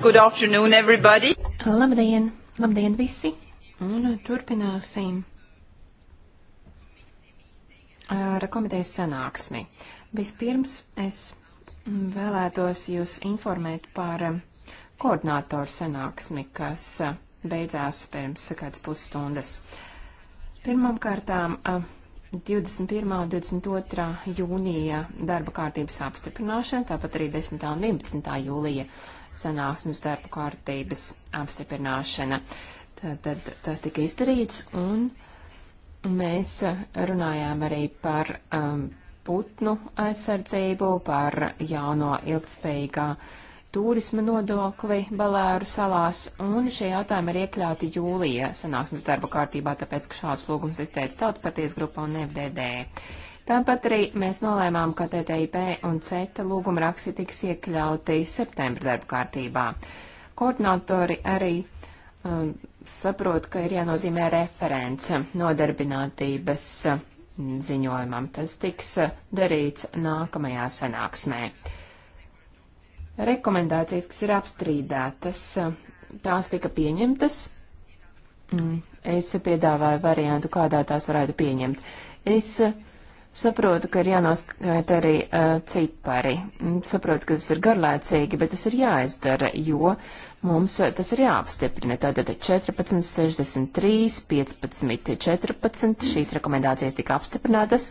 Good afternoon, everybody. Labdien, labdien visi. Un turpināsim ar komitejas sanāksmi. Vispirms es vēlētos jūs informēt par koordinātoru sanāksmi, kas beidzās pirms kāds pusstundas. Pirmam kārtām 21. un 22. jūnija darba kārtības apstiprināšana, tāpat arī 10. un 11. jūlija sanāksmes darba kārtības apstiprināšana. Tad, tad tas tika izdarīts, un mēs runājām arī par um, putnu aizsardzību, par jauno ilgspējīgā turisma nodokli Balēru salās, un šie jautājumi ir iekļauti jūlija sanāksmes darba kārtībā, tāpēc, ka šāds lūgums izteica Tautas partijas grupa un FDD. Tāpat arī mēs nolēmām, ka TTIP un CETA lūguma raksti tiks iekļauti septembra darba kārtībā. Koordinatori arī um, saprot, ka ir jānozīmē referents nodarbinātības um, ziņojumam. Tas tiks uh, darīts nākamajā sanāksmē. Rekomendācijas, kas ir apstrīdētas, um, tās tika pieņemtas. Mm, es piedāvāju variantu, kādā tās varētu pieņemt. Es uh, Saprotu, ka ir jānoskaita arī uh, cipari. Mm, saprotu, ka tas ir garlaicīgi, bet tas ir jāizdara, jo mums uh, tas ir jāapstiprina. Tātad 14, 63, 15, 14 šīs rekomendācijas tika apstiprinātas.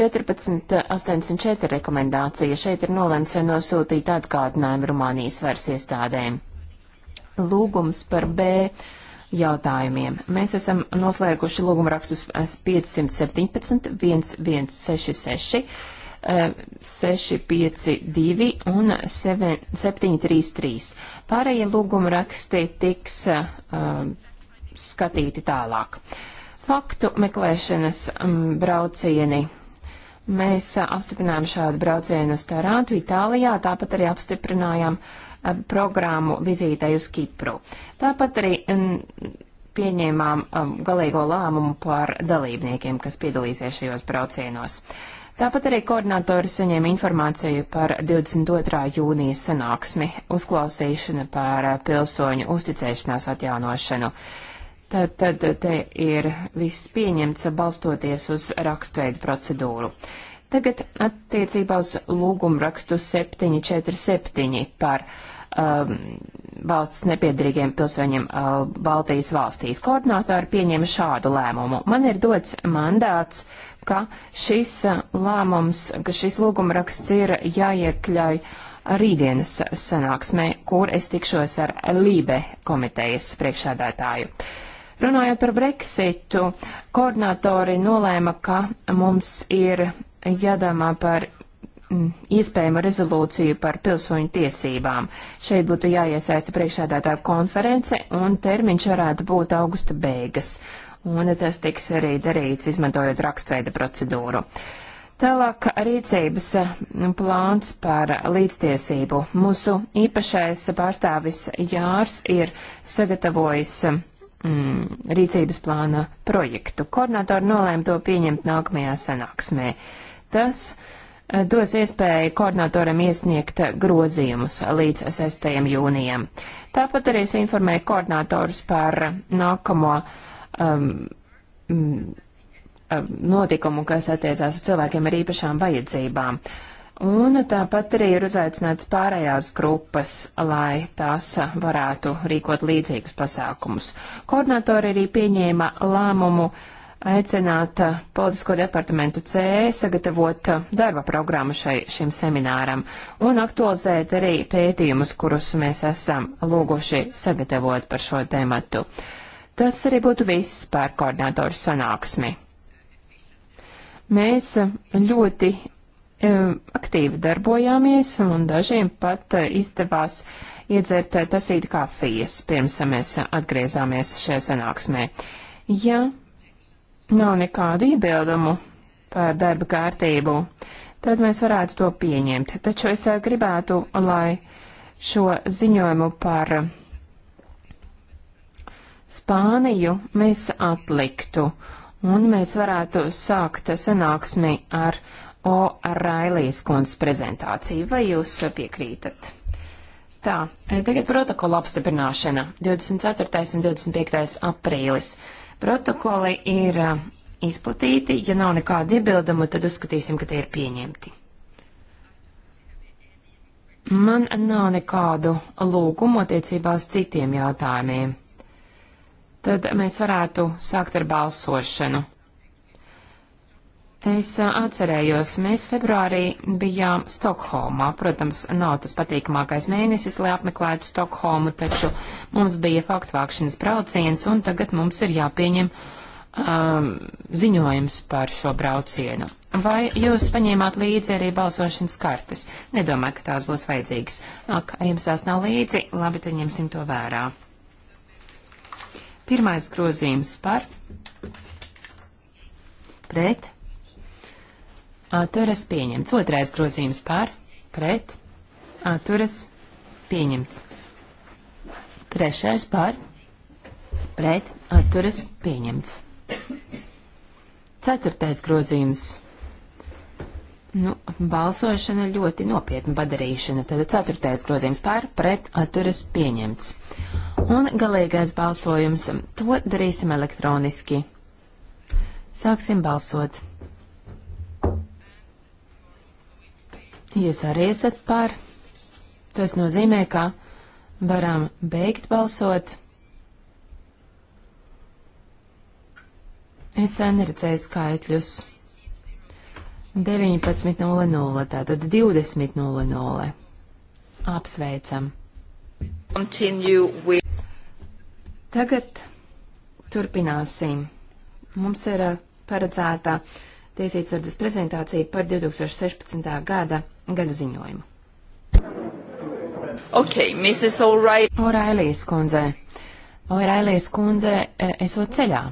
14, 804 rekomendācija šeit ir nolēmts nosūtīt atgādinājumu Rumānijas varas iestādēm. Lūgums par B. Uh, jautājumiem. Mēs esam noslēguši lūgumrakstus 517, 1166, 652 un 733. Pārējie lūgumraksti tiks um, skatīti tālāk. Faktu meklēšanas um, braucieni. Mēs uh, apstiprinājām šādu braucienu uz Tarāntu, Itālijā, tāpat arī apstiprinājām uh, Eh, programmu vizītei uz Kipru. Tāpat arī mm, pieņēmām eh, galīgo lēmumu par dalībniekiem, kas piedalīsies šajos braucienos. Tāpat arī koordinatori saņēma informāciju par 22. jūnija sanāksmi, uzklausīšana par eh, pilsoņu uzticēšanās atjaunošanu. Tad, tad te ir viss pieņemts balstoties uz rakstveidu procedūru. Uh, Tagad attiecībā uz lūgumu rakstu 747 par um, valsts nepiedarīgiem pilsoņiem uh, Baltijas valstīs. Koordinātori pieņēma šādu lēmumu. Man ir dots mandāts, ka šis uh, lēmums, ka šis lūguma raksts ir jāiekļauj rītdienas sanāksmē, kur es tikšos ar Lībe komitejas priekšādātāju. Runājot par Brexitu, koordinātori nolēma, ka mums ir jādomā par mm, iespējamu rezolūciju par pilsoņu tiesībām. Šeit būtu jāiesaista priekšādātā konference, un termiņš varētu būt augusta beigas. Un tas tiks arī darīts, izmantojot rakstveida procedūru. Tālāk rīcības mm, plāns par līdztiesību. Mūsu īpašais pārstāvis Jārs ir sagatavojis mm, mm, rīcības plāna projektu. Koordinātori nolēma to pieņemt nākamajā sanāksmē. Tas eh, dos iespēju koordinatoram iesniegt grozījumus līdz 6. jūnijam. Tāpat arī es informēju koordinatorus par nākamo um, mm, um, notikumu, kas attiecās uz cilvēkiem ar īpašām vajadzībām. Uh, Un tāpat arī ir uzaicināts pārējās grupas, lai tās varētu rīkot līdzīgus pasākumus. Koordinatori arī pieņēma lēmumu aicināt politisko departamentu C sagatavot darba programmu šai, šim semināram un aktualizēt arī pētījumus, kurus mēs esam lūguši sagatavot par šo tematu. Tas arī būtu viss par koordinatoru sanāksmi. Mēs ļoti aktīvi darbojāmies un dažiem pat eh, izdevās iedzert eh, tasīt kafijas, pirms eh, mēs atgriezāmies šajā sanāksmē. Ja nav nekādu iebildumu par darba kārtību, tad mēs varētu to pieņemt. Taču es gribētu, lai šo ziņojumu par Spāniju mēs atliktu, un mēs varētu sākt sanāksmi ar O'Reillys kundzes prezentāciju. Vai jūs piekrītat? Tā, tagad protokola apstiprināšana 24. un 25. aprīlis. Protokoli ir izplatīti, ja nav nekāda iebildumu, tad uzskatīsim, ka tie ir pieņemti. Man nav nekādu lūgumu attiecībā uz citiem jautājumiem. Tad mēs varētu sākt ar balsošanu. Es atcerējos, mēs februārī bijām Stokholmā. Protams, nav tas patīkamākais mēnesis, lai apmeklētu Stokholmu, taču mums bija faktvākšanas brauciens, un tagad mums ir jāpieņem um, ziņojums par šo braucienu. Vai jūs paņēmāt līdzi arī balsošanas kartes? Nedomāju, ka tās būs vajadzīgas. Ak, jums tās nav līdzi, labi, tad ņemsim to vērā. Pirmais grozījums par pret atturas pieņemts. Otrais grozījums par, pret, atturas pieņemts. Trešais par, pret, atturas pieņemts. Ceturtais grozījums. Nu, balsošana ļoti nopietna padarīšana. Tad ceturtais grozījums par pret atturas pieņemts. Un galīgais balsojums. To darīsim elektroniski. Sāksim balsot. Jūs arī esat par. Tas nozīmē, ka varam beigt balsot. Es neredzēju skaitļus. 19.00, tātad 20.00. Apsveicam. With... Tagad turpināsim. Mums ir uh, paredzēta tiesībsardzes prezentāciju par 2016. gada gada ziņojumu. Ok, Mrs. O'Reilly. O'Reilly skundze. O'Reilly skundze e, esot ceļā.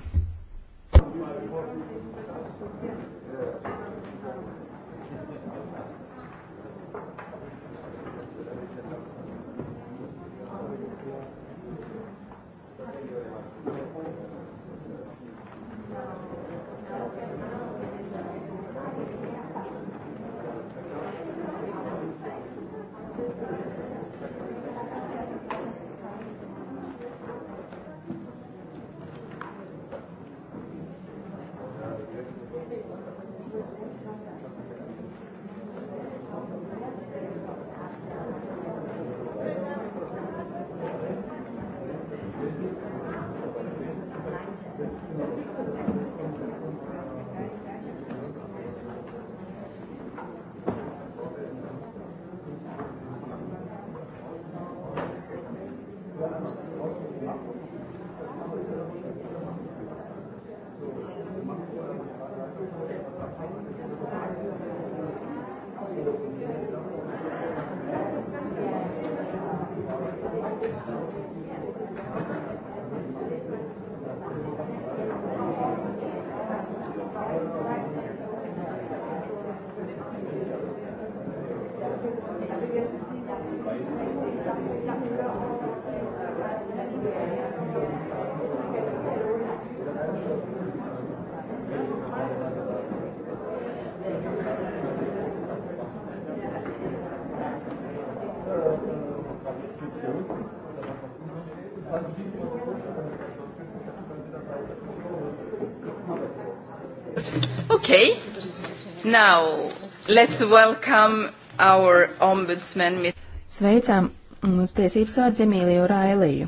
Now, let's welcome our ombudsman. Sveicām uz tiesības vārdu Emīliju Railiju.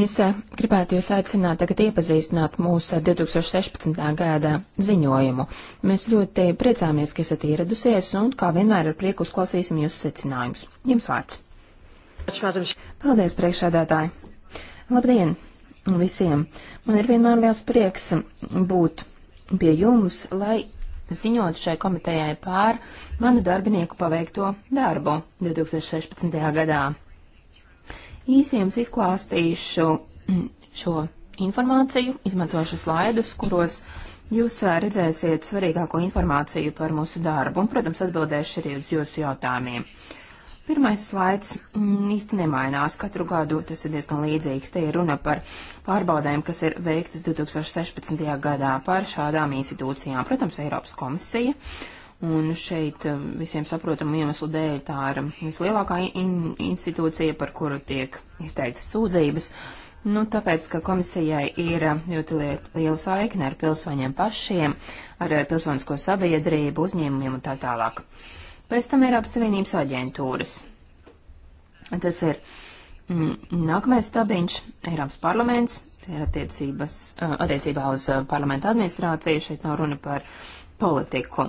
Es eh, gribētu jūs aicināt tagad iepazīstināt mūsu 2016. gada ziņojumu. Mēs ļoti priecāmies, ka esat ieradusies un, kā vienmēr, ar prieku uzklausīsim jūsu secinājumus. Jums vārds. Paldies, priekšādātāji! Labdien visiem! Man ir vienmēr liels prieks būt pie jums, lai ziņot šai komitejai pār manu darbinieku paveikto darbu 2016. gadā. Īsi jums izklāstīšu šo informāciju, izmantošu slaidus, kuros jūs redzēsiet svarīgāko informāciju par mūsu darbu un, protams, atbildēšu arī uz jūsu jautājumiem. Uh, Pirmais slaids mm, īsti nemainās. Katru gadu tas ir diezgan līdzīgs. Te ir runa par pārbaudēm, kas ir veiktas 2016. gadā par šādām institūcijām. Protams, Eiropas komisija. Un šeit mm, visiem saprotamu iemeslu dēļ tā ir vislielākā in institūcija, par kuru tiek izteiktas sūdzības. Nu, tāpēc, ka komisijai ir ļoti liela saikne ar pilsoņiem pašiem, ar pilsonisko sabiedrību, uzņēmumiem un tā tālāk. Uh, Pēc tam Eiropas Savienības aģentūras. Tas ir mm, nākamais stabiņš - Eiropas parlaments, ir attiecības, uh, attiecībā uz uh, parlamenta administrāciju, šeit nav runa par politiku.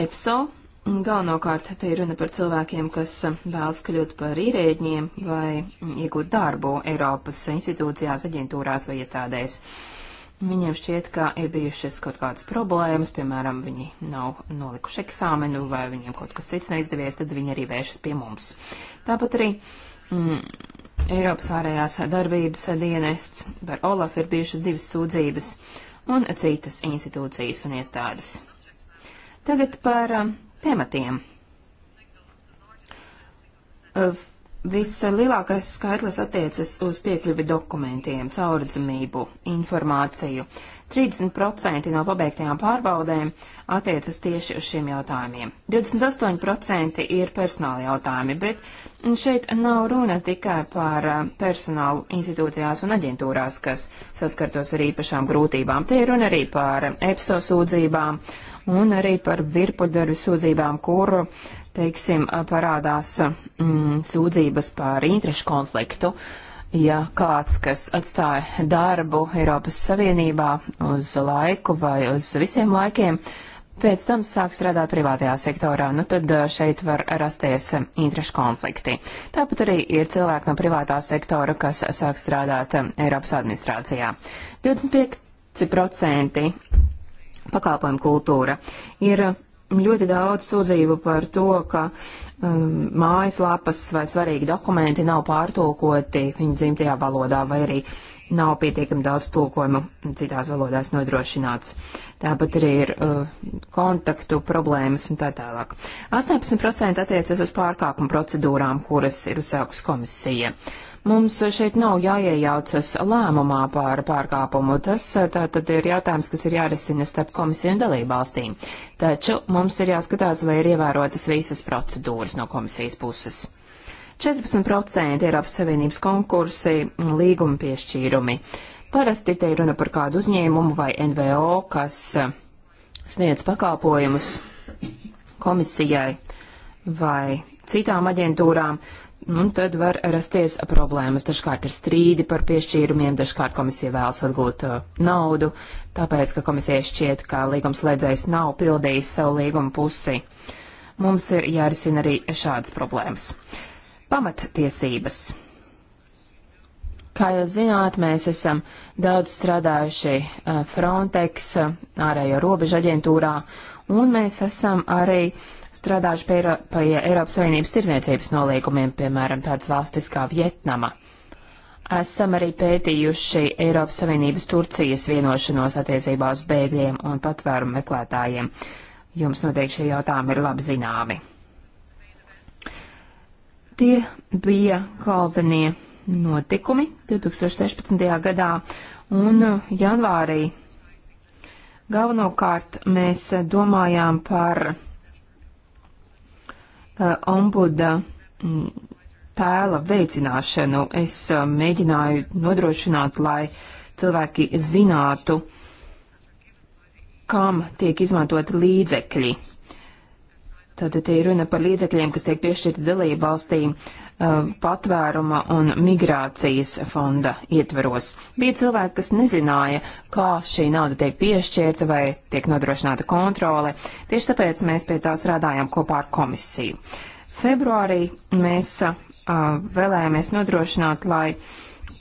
EPSO mm, Galvenokārt te ir runa par cilvēkiem, kas uh, vēlas kļūt par īrēģiem vai mm, iegūt darbu Eiropas institūcijās, aģentūrās vai iestādēs. Viņiem šķiet, ka ir bijušas kaut kādas problēmas, piemēram, viņi nav nolikuši eksāmenu vai viņiem kaut kas cits neizdevies, tad viņi arī vēršas pie mums. Tāpat arī mm, Eiropas ārējās darbības dienests par Olaf ir bijušas divas sūdzības un citas institūcijas un iestādes. Tagad par uh, tematiem. Uh, Vislielākais skaitlis attiecas uz piekļuvi dokumentiem, caurdzamību, informāciju. 30% no pabeigtajām pārbaudēm attiecas tieši uz šiem jautājumiem. 28% ir personāla jautājumi, bet šeit nav runa tikai par eh, personālu institūcijās un aģentūrās, kas saskartos ar īpašām grūtībām. Tie ir runa arī par EPSO sūdzībām un arī par virpuļdaru sūdzībām, kuru teiksim, parādās mm, sūdzības par interešu konfliktu, ja kāds, kas atstāja darbu Eiropas Savienībā uz laiku vai uz visiem laikiem, pēc tam sāk strādāt privātajā sektorā, nu tad šeit var rasties interešu konflikti. Tāpat arī ir cilvēki no privātā sektora, kas sāk strādāt Eiropas administrācijā. 25% pakalpojumu kultūra ir ļoti daudz sūdzību par to, ka um, mājaslapas vai svarīgi dokumenti nav pārtulkoti viņa dzimtajā valodā vai arī nav pietiekami daudz tulkojumu citās valodās nodrošināts. Tāpat arī ir uh, kontaktu problēmas un tā tālāk. 18% attiecas uz pārkāpumu procedūrām, kuras ir uzsākusi komisija. Uh, Mums šeit nav jāiejaucas lēmumā par pārkāpumu. Tas eh, tātad ir jautājums, kas ir jārisina starp komisiju un dalībvalstīm. Taču mums ir jāskatās, vai ir ievērotas visas procedūras no komisijas puses. 14% Eiropas Savienības konkursi līguma piešķīrumi. Parasti te ir runa par kādu uzņēmumu vai NVO, kas eh, sniedz pakalpojumus komisijai vai citām aģentūrām, un tad var rasties problēmas. Dažkārt ir strīdi par piešķīrumiem, dažkārt komisija vēlas atgūt uh, naudu, tāpēc, ka komisija šķiet, ka līgumslēdzējs nav pildījis savu līguma pusi. Mums ir jārisina arī šādas problēmas. Pamattiesības. Kā jūs zināt, mēs esam daudz strādājuši uh, Frontex, uh, ārējo robežu aģentūrā, un mēs esam arī uh, strādājuši pie, Eiro, pie Eiropas Savienības tirdzniecības nolīgumiem, piemēram, tādas valstis kā Vietnama. Esam arī pētījuši Eiropas Savienības Turcijas vienošanos attiecībā uz bēgļiem un patvērumu meklētājiem. Jums noteikti šie jautājumi ir labi zināmi. Tie bija galvenie notikumi 2016. gadā un janvārī. Galvenokārt mēs domājām par Eh, ombuda mm, tēla veicināšanu. Es eh, mēģināju nodrošināt, lai cilvēki zinātu, kam tiek izmantoti līdzekļi. Tātad ir runa par līdzekļiem, kas tiek piešķirti dalību valstīm Uh, patvēruma un migrācijas fonda ietveros. Bija cilvēki, kas nezināja, kā šī nauda tiek piešķirta vai tiek nodrošināta kontrole. Tieši tāpēc mēs pie tā strādājām kopā ar komisiju. Februārī mēs a, uh, vēlējāmies nodrošināt, lai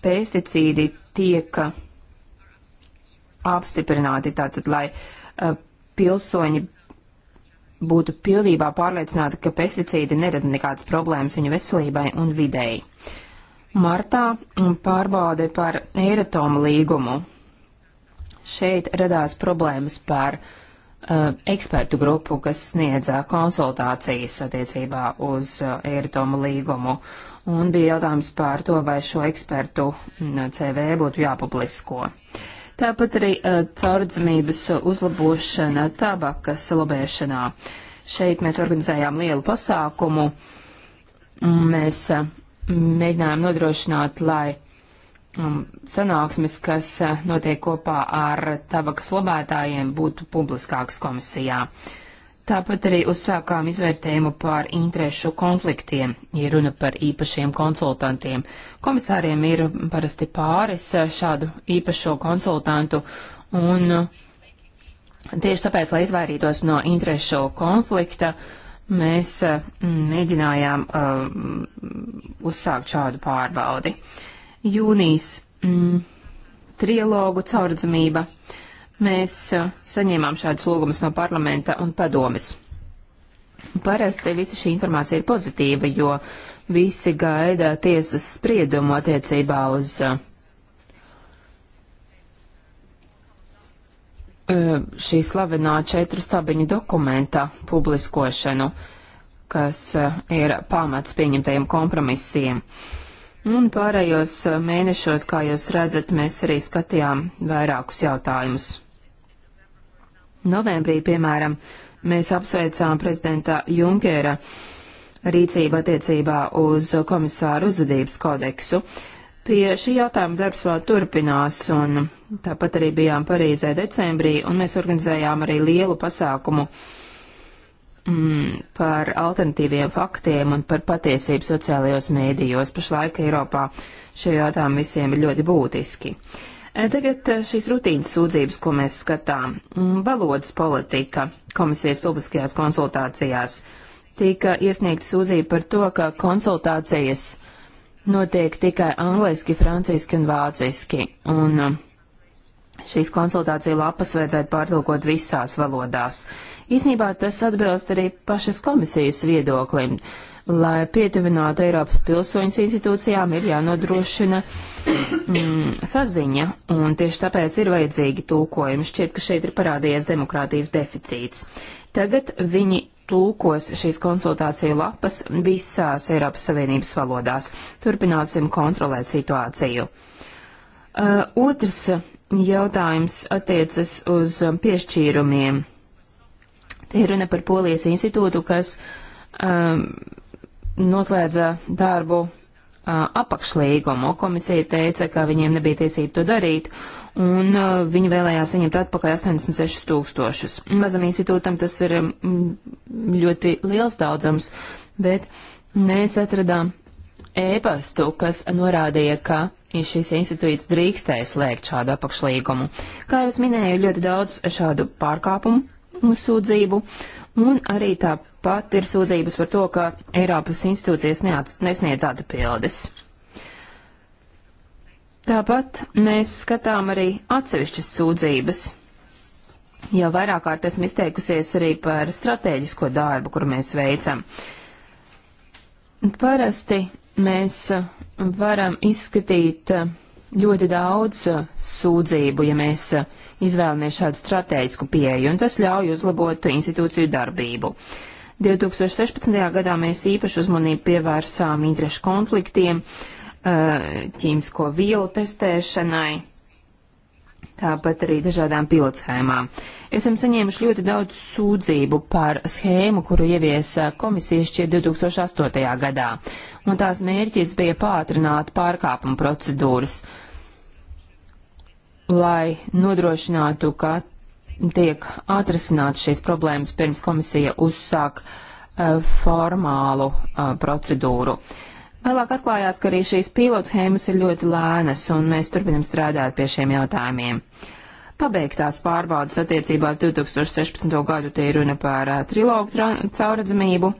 pesticīdi tiek apstiprināti, tātad, lai a, uh, pilsoņi būtu pilnībā pārliecināti, ka pesticīdi nerada nekādas problēmas viņu veselībai un videi. Martā pārbaude par Eiratomu līgumu. Šeit radās problēmas par uh, ekspertu grupu, kas sniedza uh, konsultācijas attiecībā uz uh, Eiratomu līgumu. Un bija jautājums par to, vai šo ekspertu mm, CV būtu jāpublisko. Uh, Tāpat arī uh, caurdzamības uzlabošana tabakas lobēšanā. Šeit mēs organizējām lielu pasākumu. Mēs uh, mēģinājām nodrošināt, lai um, sanāksmes, kas uh, notiek kopā ar tabakas lobētājiem, būtu publiskākas komisijā. Uh, Tāpat arī uzsākām izvērtējumu pār interešu konfliktiem, ja runa par īpašiem konsultantiem. Komisāriem ir parasti pāris šādu īpašo konsultantu, un tieši tāpēc, lai izvairītos no interešu konflikta, mēs eh, mēģinājām uh, uzsākt šādu pārbaudi. Jūnijas mm, trilogu caurdzamība. Uh, Mēs uh, saņēmām šādus lūgumus no parlamenta un padomis. Parasti visa šī informācija ir pozitīva, jo visi gaida tiesas spriedumu attiecībā uz uh, uh, šī slavenā četru stabiņu dokumenta publiskošanu, kas ir pamats pieņemtajiem kompromisiem. Un pārējos mēnešos, kā jūs redzat, mēs arī skatījām vairākus jautājumus. Novembrī, piemēram, mēs apsveicām prezidenta Junkera rīcību attiecībā uz komisāru uzvedības kodeksu. Pie šī jautājuma darbs vēl turpinās, un tāpat arī bijām Parīzē decembrī, un mēs organizējām arī lielu pasākumu mm, par alternatīviem faktiem un par patiesību sociālajos mēdījos. Pašlaik Eiropā šie jautājumi visiem ir ļoti būtiski. Uh, Tagad šīs rutīnas sūdzības, ko mēs skatām. Mm, valodas politika komisijas publiskajās konsultācijās tika iesniegta sūdzība par to, ka konsultācijas notiek tikai angliski, franciski un vāciski. Un šīs konsultāciju lapas vajadzētu pārtulkot visās valodās. Īsnībā tas atbilst arī pašas komisijas viedoklim. Uh, lai pietuvinātu Eiropas pilsoņus institūcijām, ir jānodrošina mm, saziņa, un tieši tāpēc ir vajadzīgi tulkojumi. Šķiet, ka šeit ir parādījies demokrātijas deficīts. Tagad viņi tulkos šīs konsultāciju lapas visās Eiropas Savienības valodās. Turpināsim kontrolēt situāciju. Uh, otrs jautājums attiecas uz piešķīrumiem. Te ir runa par Polijas institūtu, kas um, noslēdza darbu apakšlīgumu. Komisija teica, ka viņiem nebija tiesība to darīt, un viņi vēlējās saņemt atpakaļ 86 tūkstošus. Mazam institūtam tas ir ļoti liels daudzums, bet mēs atradām ēpastu, kas norādīja, ka šīs institūts drīkstēja slēgt šādu apakšlīgumu. Kā jau es minēju, ļoti daudz šādu pārkāpumu sūdzību, un arī tā Pat ir sūdzības par to, ka Eiropas institūcijas neats, nesniedz atbildes. Tāpat mēs skatām arī atsevišķas sūdzības. Jau vairāk kārt esmu izteikusies arī par strateģisko darbu, kur mēs veicam. Parasti mēs varam izskatīt ļoti daudz sūdzību, ja mēs izvēlamies šādu strateģisku pieeju, un tas ļauj uzlabot institūciju darbību. 2016. gadā mēs īpašu uzmanību pievērsām interešu konfliktiem, ķīmisko vielu testēšanai, tāpat arī dažādām pilotshēmām. Esam saņēmuši ļoti daudz sūdzību par schēmu, kuru ieviesa komisija šķiet 2008. gadā, un tās mērķis bija pātrināt pārkāpumu procedūras, lai nodrošinātu, ka tiek atrisināts šīs problēmas pirms komisija uzsāk uh, formālu uh, procedūru. Vēlāk atklājās, ka arī šīs pilotschēmas ir ļoti lēnas, un mēs turpinam strādāt pie šiem jautājumiem. Pabeigtās pārbaudas attiecībās 2016. gadu tie ir runa par uh, trilogu caurredzamību,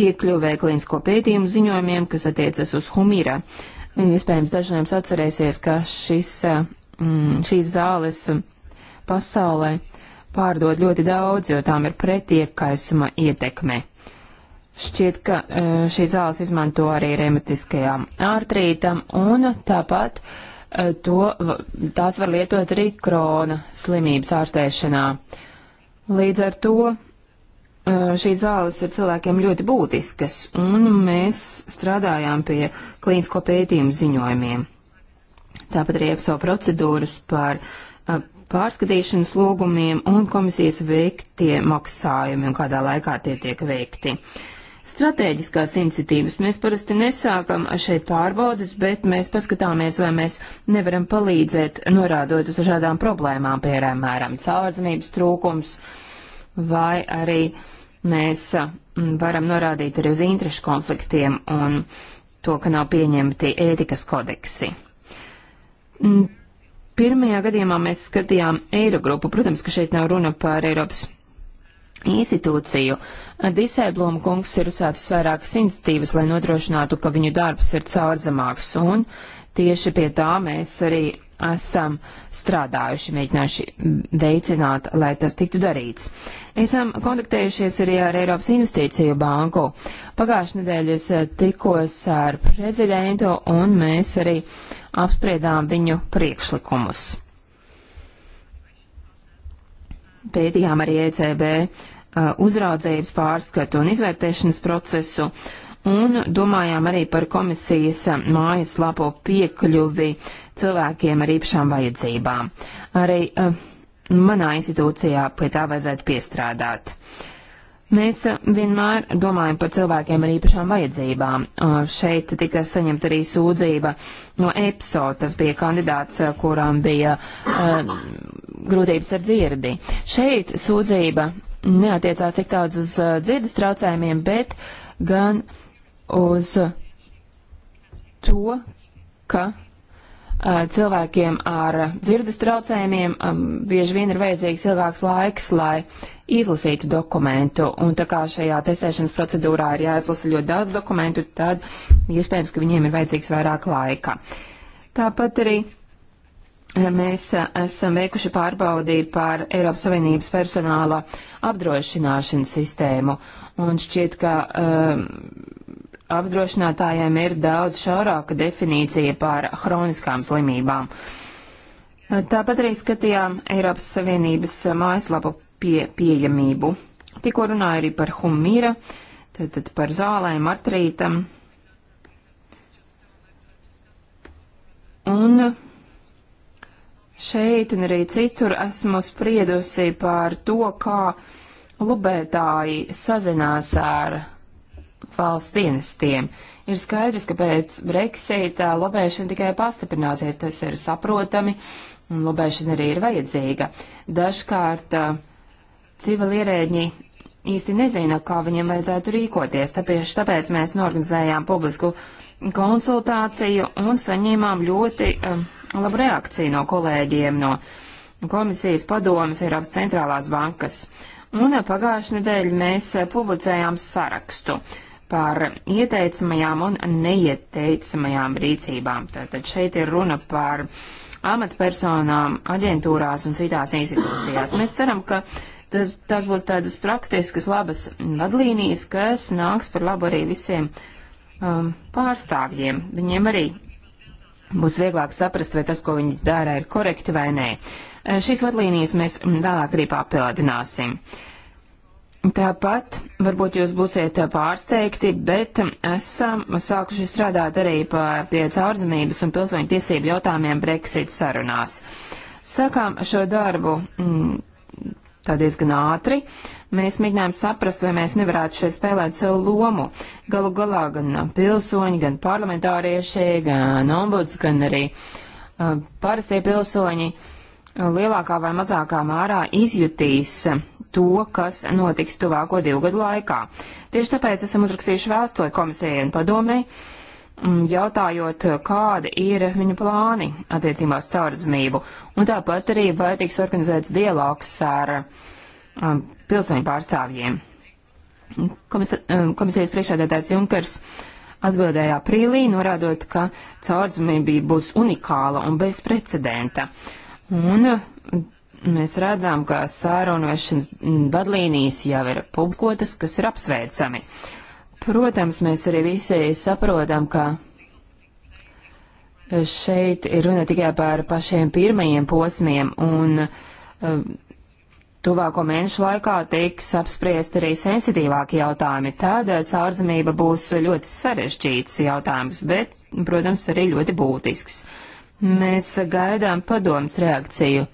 piekļuvē klīnisko pētījumu ziņojumiem, kas attiecas uz humīra. Iespējams, daži no jums atcerēsies, ka šis, mm, šīs zāles pasaulē pārdod ļoti daudz, jo tām ir pretiekaisuma ietekme. Šķiet, ka e, šīs zāles izmanto arī rematiskajām ārtrītam un tāpat e, to, tās var lietot arī krona slimības ārstēšanā. Līdz ar to e, šīs zāles ir cilvēkiem ļoti būtiskas, un mēs strādājām pie klīnisko pētījumu ziņojumiem. Tāpat arī EFSO procedūras par pārskatīšanas lūgumiem un komisijas veiktie maksājumi un kādā laikā tie tiek veikti. Stratēģiskās iniciatīvas mēs parasti nesākam šeit pārbaudas, bet mēs paskatāmies, vai mēs nevaram palīdzēt, norādot uz dažādām problēmām, piemēram, caurdzinības trūkums, vai arī mēs varam norādīt arī uz interešu konfliktiem un to, ka nav pieņemti ētikas kodeksi. Pirmajā gadījumā mēs skatījām Eirogrupu. Protams, ka šeit nav runa par Eiropas institūciju. Disēbloma kungs ir uzsācis vairākas iniciatīvas, lai nodrošinātu, ka viņu darbs ir caurzemāks, un tieši pie tā mēs arī esam strādājuši, mēģinājuši veicināt, lai tas tiktu darīts. Esam kontaktējušies arī ar Eiropas Investīciju banku. Pagājušajā nedēļā es eh, tikos ar prezidentu un mēs arī apspriedām viņu priekšlikumus. Pētījām arī ECB eh, uzraudzības pārskatu un izvērtēšanas procesu un domājām arī par komisijas eh, mājaslapo piekļuvi cilvēkiem ar īpašām vajadzībām. Arī uh, manā institūcijā pie tā vajadzētu piestrādāt. Mēs uh, vienmēr domājam par cilvēkiem ar īpašām vajadzībām. Uh, šeit tika saņemta arī sūdzība no EPSO, tas bija kandidāts, kurām bija uh, grūtības ar dzirdi. Šeit sūdzība neatiecās tik daudz uz uh, dzirdes traucējumiem, bet gan uz to, ka Uh, cilvēkiem ar dzirdes traucējumiem um, bieži vien ir vajadzīgs ilgāks laiks, lai izlasītu dokumentu, un tā kā šajā testēšanas procedūrā ir jāizlasa ļoti daudz dokumentu, tad iespējams, ka viņiem ir vajadzīgs vairāk laika. Tāpat arī uh, mēs uh, esam veikuši pārbaudi par Eiropas Savienības personāla apdrošināšanas sistēmu, un šķiet, ka um, apdrošinātājiem ir daudz šaurāka definīcija par hroniskām slimībām. Tāpat arī skatījām Eiropas Savienības mājaslapu pie, pieejamību. Tikko runāju arī par humīra, tad, tad par zālēm, artrītam. Un šeit un arī citur esmu spriedusi par to, kā lubētāji sazinās ar valsts dienestiem. Ir skaidrs, ka pēc Brexita lobēšana tikai pastiprināsies, tas ir saprotami, un lobēšana arī ir vajadzīga. Dažkārt civilierēģi īsti nezina, kā viņiem vajadzētu rīkoties, tāpēc, tāpēc mēs norganizējām publisku konsultāciju un saņēmām ļoti um, labu reakciju no kolēģiem no komisijas padomas Eiropas centrālās bankas. Un pagājušajā nedēļā mēs publicējām sarakstu. Uh, par ieteicamajām un neieteicamajām rīcībām. Tātad šeit ir runa par amatpersonām, aģentūrās un citās institūcijās. Mēs ceram, ka tas, tas būs tādas praktiskas, labas vadlīnijas, kas nāks par labu arī visiem um, pārstāvjiem. Viņiem arī būs vieglāk saprast, vai tas, ko viņi dara, ir korekti vai nē. Šīs vadlīnijas mēs vēlāk arī papildināsim. Uh, Tāpat, varbūt jūs būsiet pārsteigti, bet esam sākuši strādāt arī pie caurzemības un pilsoņu tiesību jautājumiem Brexit sarunās. Sākām šo darbu mm, tā diezgan ātri. Mēs mēģinājām saprast, vai mēs nevarētu šeit spēlēt savu lomu. Galu galā gan pilsoņi, gan parlamentārieši, gan ombuds, gan arī uh, parastie pilsoņi lielākā vai mazākā mērā izjutīs to, kas notiks tuvāko divu gadu laikā. Tieši tāpēc esam uzrakstījuši vēstuli komisijai un padomēji, mm, jautājot, kādi ir viņu plāni attiecībās caurzmību. Un tāpat arī vai tiks organizēts dialogs ar um, pilsoņu pārstāvjiem. Komis, um, komisijas priekšādētājs Junkers atbildēja aprīlī, norādot, ka caurzmība būs unikāla un bez precedenta. Un mēs redzam, ka sārunu vešanas vadlīnijas jau ir publiskotas, kas ir apsveicami. Protams, mēs arī visi saprotam, ka šeit ir runa tikai par pašiem pirmajiem posmiem, un um, tuvāko mēnešu laikā tiks apspriest arī sensitīvāki jautājumi. Tāda caurzemība būs ļoti sarežģīts jautājums, bet, protams, arī ļoti būtisks. Mēs gaidām padomas reakciju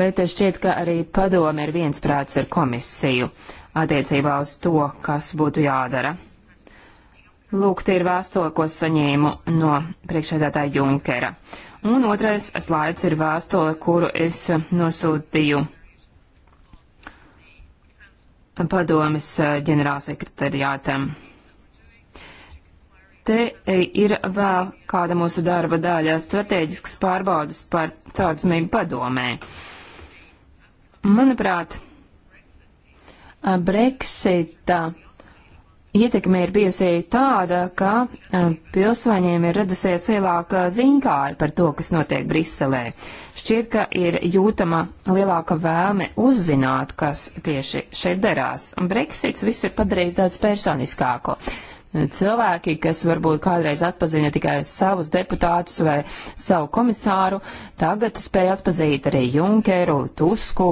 bet šķiet, ka arī padome ir viensprāts ar komisiju attiecībā uz to, kas būtu jādara. Lūk, tie ir vēstule, ko saņēmu no priekšēdētāja Junkera. Un otrais slaids ir vēstule, kuru es nosūtīju padomis ģenerālsekretariātam. Te ir vēl kāda mūsu darba daļa - strateģisks pārbaudas par caursmību padomē. Uh, Manuprāt, Brexita ietekme ir bijusi tāda, ka pilsoņiem ir radusies lielāka ziņkāra par to, kas notiek Briselē. Šķiet, ka ir jūtama lielāka vēlme uzzināt, kas tieši šeit derās. Un Brexits visu ir padarījis daudz personiskāko. Uh, cilvēki, kas varbūt kādreiz atpazina tikai savus deputātus vai savu komisāru, tagad spēja atpazīt arī Junkeru, Tusku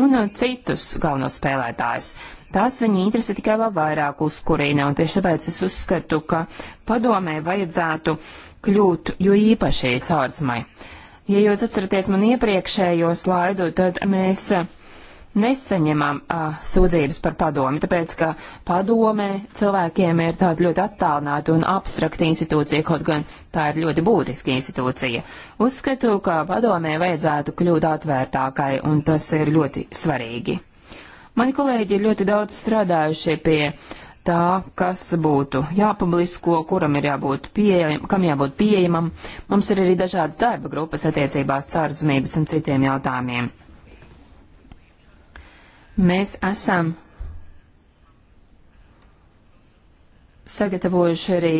un citus galvenos spēlētājus. Tās viņa interesi tikai vēl vairāk uzkurina, un tieši tāpēc es uzskatu, ka padomē vajadzētu kļūt jo īpaši caursmai. Ja jūs atceraties man iepriekšējo slaidu, tad mēs uh, nesaņemam uh, sūdzības par padomi, tāpēc, ka padome cilvēkiem ir tāda ļoti attālināta un abstrakta institūcija, kaut gan tā ir ļoti būtiska institūcija. Uzskatu, ka padomē vajadzētu kļūt atvērtākai, un tas ir ļoti svarīgi. Mani kolēģi ir ļoti daudz strādājušie pie tā, kas būtu jāpublisko, kuram ir jābūt pieejam, kam jābūt pieejamam. Mums ir arī dažādas darba grupas attiecībās cārzmības un citiem jautājumiem. Mēs esam sagatavojuši arī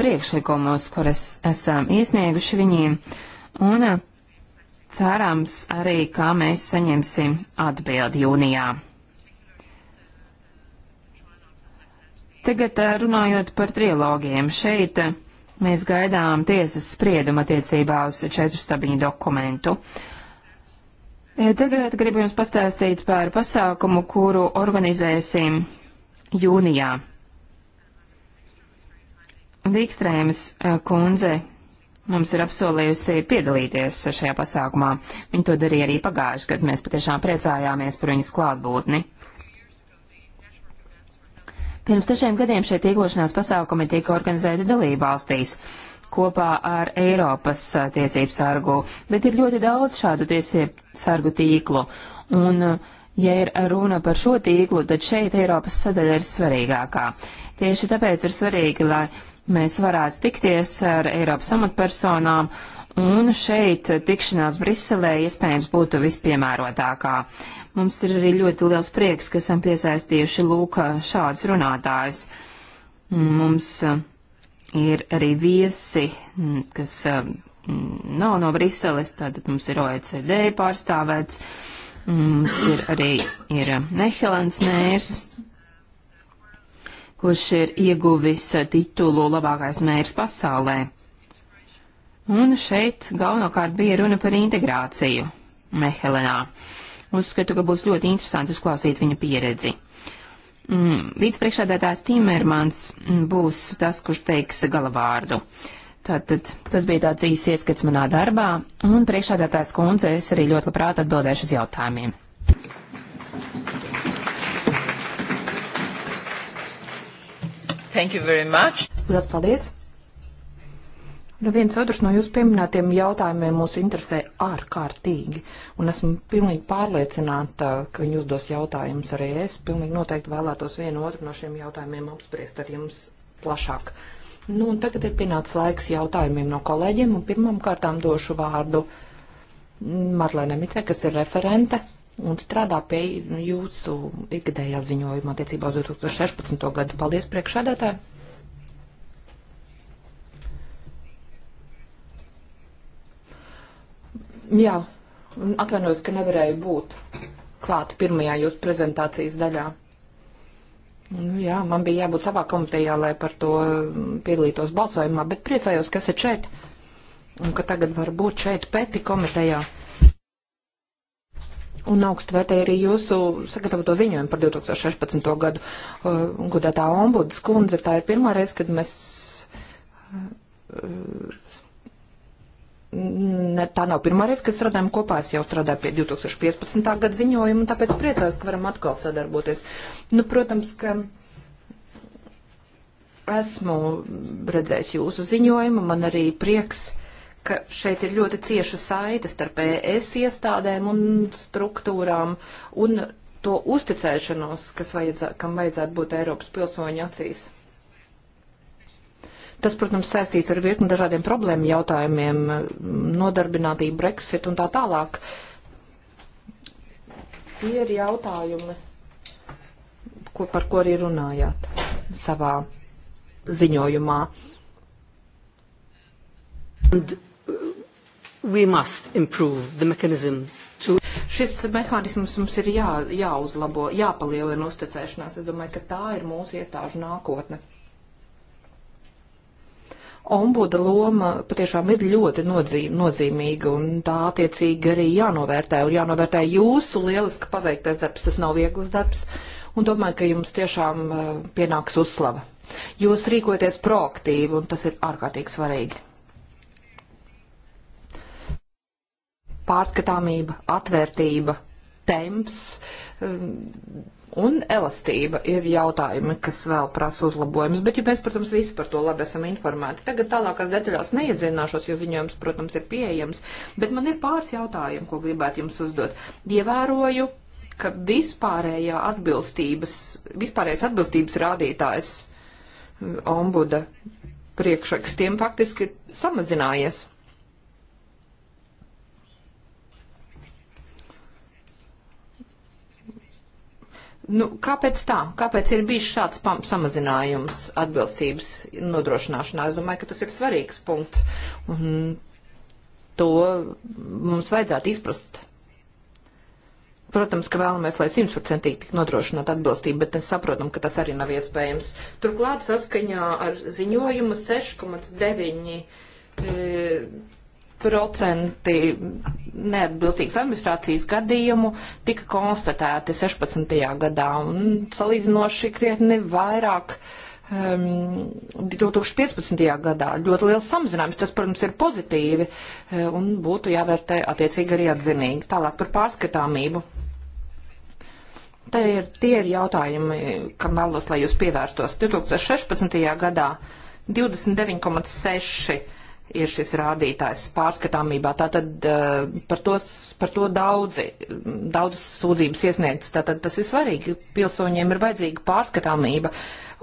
priekšlikumus, kuras esam iesnieguši viņiem, un uh, cerams arī, kā mēs saņemsim atbildi jūnijā. Tagad uh, runājot par trilogiem, šeit uh, mēs gaidām tiesas spriedumu attiecībā uz četru stabiņu dokumentu. Uh, E, tagad gribu jums pastāstīt par pasākumu, kuru organizēsim jūnijā. Vīkstrēmas e, kundze mums ir apsolījusi piedalīties šajā pasākumā. Viņa to darīja arī pagājuši, kad mēs patiešām priecājāmies par viņas klātbūtni. Pirms dažiem gadiem šie tīklošanās pasākumi tika organizēti dalībvalstīs. valstīs kopā ar Eiropas tiesību sargu, bet ir ļoti daudz šādu tiesību sargu tīklu. Un, ja ir runa par šo tīklu, tad šeit Eiropas sadaļa ir svarīgākā. Tieši tāpēc ir svarīgi, lai mēs varētu tikties ar Eiropas amatpersonām, un šeit tikšanās Briselē iespējams būtu vispiemērotākā. Mums ir arī ļoti liels prieks, ka esam piesaistījuši lūk šādus runātājus. Mums uh, ir arī viesi, mm, kas eh, mm, nav no Briseles, tātad mums ir OECD pārstāvēts, mums ir arī ir eh, Nehelens mērs, kurš ir ieguvis eh, titulu labākais mērs pasaulē. Un šeit galvenokārt bija runa par integrāciju Mehelenā. Uzskatu, ka būs ļoti interesanti uzklausīt viņa pieredzi. Mm, Vicepriekšādētājs Timermans mm, būs tas, kurš teiks galavārdu. Tātad tas bija tāds īsts ieskats manā darbā, un priekšādētājs kundze es arī ļoti labprāt atbildēšu uz jautājumiem. Thank you very much. Lielas paldies. Nu, viens otrs no jūsu pieminētiem jautājumiem mūs interesē ārkārtīgi, un esmu pilnīgi pārliecināta, ka viņi uzdos jautājumus arī es. Pilnīgi noteikti vēlētos vienu otru no šiem jautājumiem apspriest ar jums plašāk. Nu, un tagad ir pienācis laiks jautājumiem no kolēģiem, un pirmam kārtām došu vārdu Marlēnai Mitrē, kas ir referente un strādā pie jūsu ikgadējā ziņojuma attiecībā uz 2016. gadu. Paldies, priekšsēdētāji! Jā, atvainojos, ka nevarēju būt klāt pirmajā jūsu prezentācijas daļā. Nu, jā, man bija jābūt savā komitejā, lai par to piedalītos balsojumā, bet priecājos, ka esat šeit un ka tagad var būt šeit peti komitejā. Un augstu vērtēju arī jūsu sagatavoto ziņojumu par 2016. gadu. Uh, gudētā ombudas kundze, tā ir pirmā reize, kad mēs uh, ne, tā nav pirmā reize, kad strādājam kopā. Es jau strādāju pie 2015. gada ziņojuma, un tāpēc priecājos, ka varam atkal sadarboties. Nu, protams, ka esmu redzējis jūsu ziņojumu, man arī prieks, ka šeit ir ļoti cieša saita starp ES iestādēm un struktūrām un to uzticēšanos, kas vajadzā, kam vajadzētu būt Eiropas pilsoņu acīs. Tas, protams, saistīts ar virkni dažādiem problēmu jautājumiem, nodarbinātību, Brexit un tā tālāk. Tie ir jautājumi, ko, par ko arī runājāt savā ziņojumā. And we must improve the mechanism to. Šis mehānisms mums ir jā, jāuzlabo, jāpalielina uzticēšanās. Es domāju, ka tā ir mūsu iestāžu nākotne ombuda loma patiešām ir ļoti nodzīm, nozīmīga un tā attiecīgi arī jānovērtē. Un jānovērtē jūsu lieliski paveiktais darbs, tas nav viegls darbs, un domāju, ka jums tiešām eh, pienāks uzslava. Jūs rīkojaties proaktīvi, un tas ir ārkārtīgi svarīgi. Pārskatāmība, atvērtība, temps, eh, Un elastība ir jautājumi, kas vēl prasa uzlabojumus, bet, ja mēs, protams, visi par to labi esam informēti, tagad tālākās detaļās neiedzināšos, jo ziņojums, protams, ir pieejams, bet man ir pāris jautājumu, ko gribētu jums uzdot. Ievēroju, ka vispārējā atbilstības, vispārējais atbilstības rādītājs mm, ombuda priekšrakstiem faktiski samazinājies. Nu, kāpēc tā? Kāpēc ir bijis šāds samazinājums atbilstības nodrošināšanā? Es domāju, ka tas ir svarīgs punkts. Un to mums vajadzētu izprast. Protams, ka vēlamies, lai simtprocentīgi tik nodrošinātu atbilstību, bet mēs saprotam, ka tas arī nav iespējams. Turklāt saskaņā ar ziņojumu 6,9 e, eh, procenti neatbilstīgas administrācijas gadījumu tika konstatēti 16. gadā un salīdzinoši krietni vairāk. Um, 2015. gadā ļoti liels samazinājums, tas, protams, ir pozitīvi uh, un būtu jāvērtē attiecīgi arī atzinīgi. Tālāk par pārskatāmību. Te ir, tie ir jautājumi, kam vēlos, lai jūs pievērstos. 2016. gadā 29,6 ir šis rādītājs pārskatāmībā. Tātad eh, par, tos, par to daudzi, daudzas sūdzības iesniegts. Tātad tas ir svarīgi. Pilsoņiem ir vajadzīga pārskatāmība.